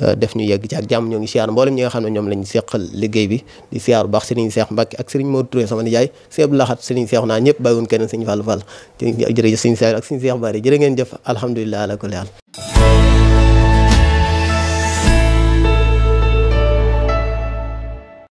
euh, def ñu yegg ci ak jàmm ñoo ngi siyaar mboolem ñi nga xam ne ñoom lañ seqal liggéey bi di siyaar bu baax sëriñ Seex Mbàkke ak sëriñ Modou Touré sama nijaay sëñ Abdou Lahat sëriñ Seex naa ñëpp bàyyiwun keneen sëñ ñu Fall jërëjëf sëñ Seex ak sëñ Seex Bari jërë ngeen jëf alhamdulilah ala kulli haal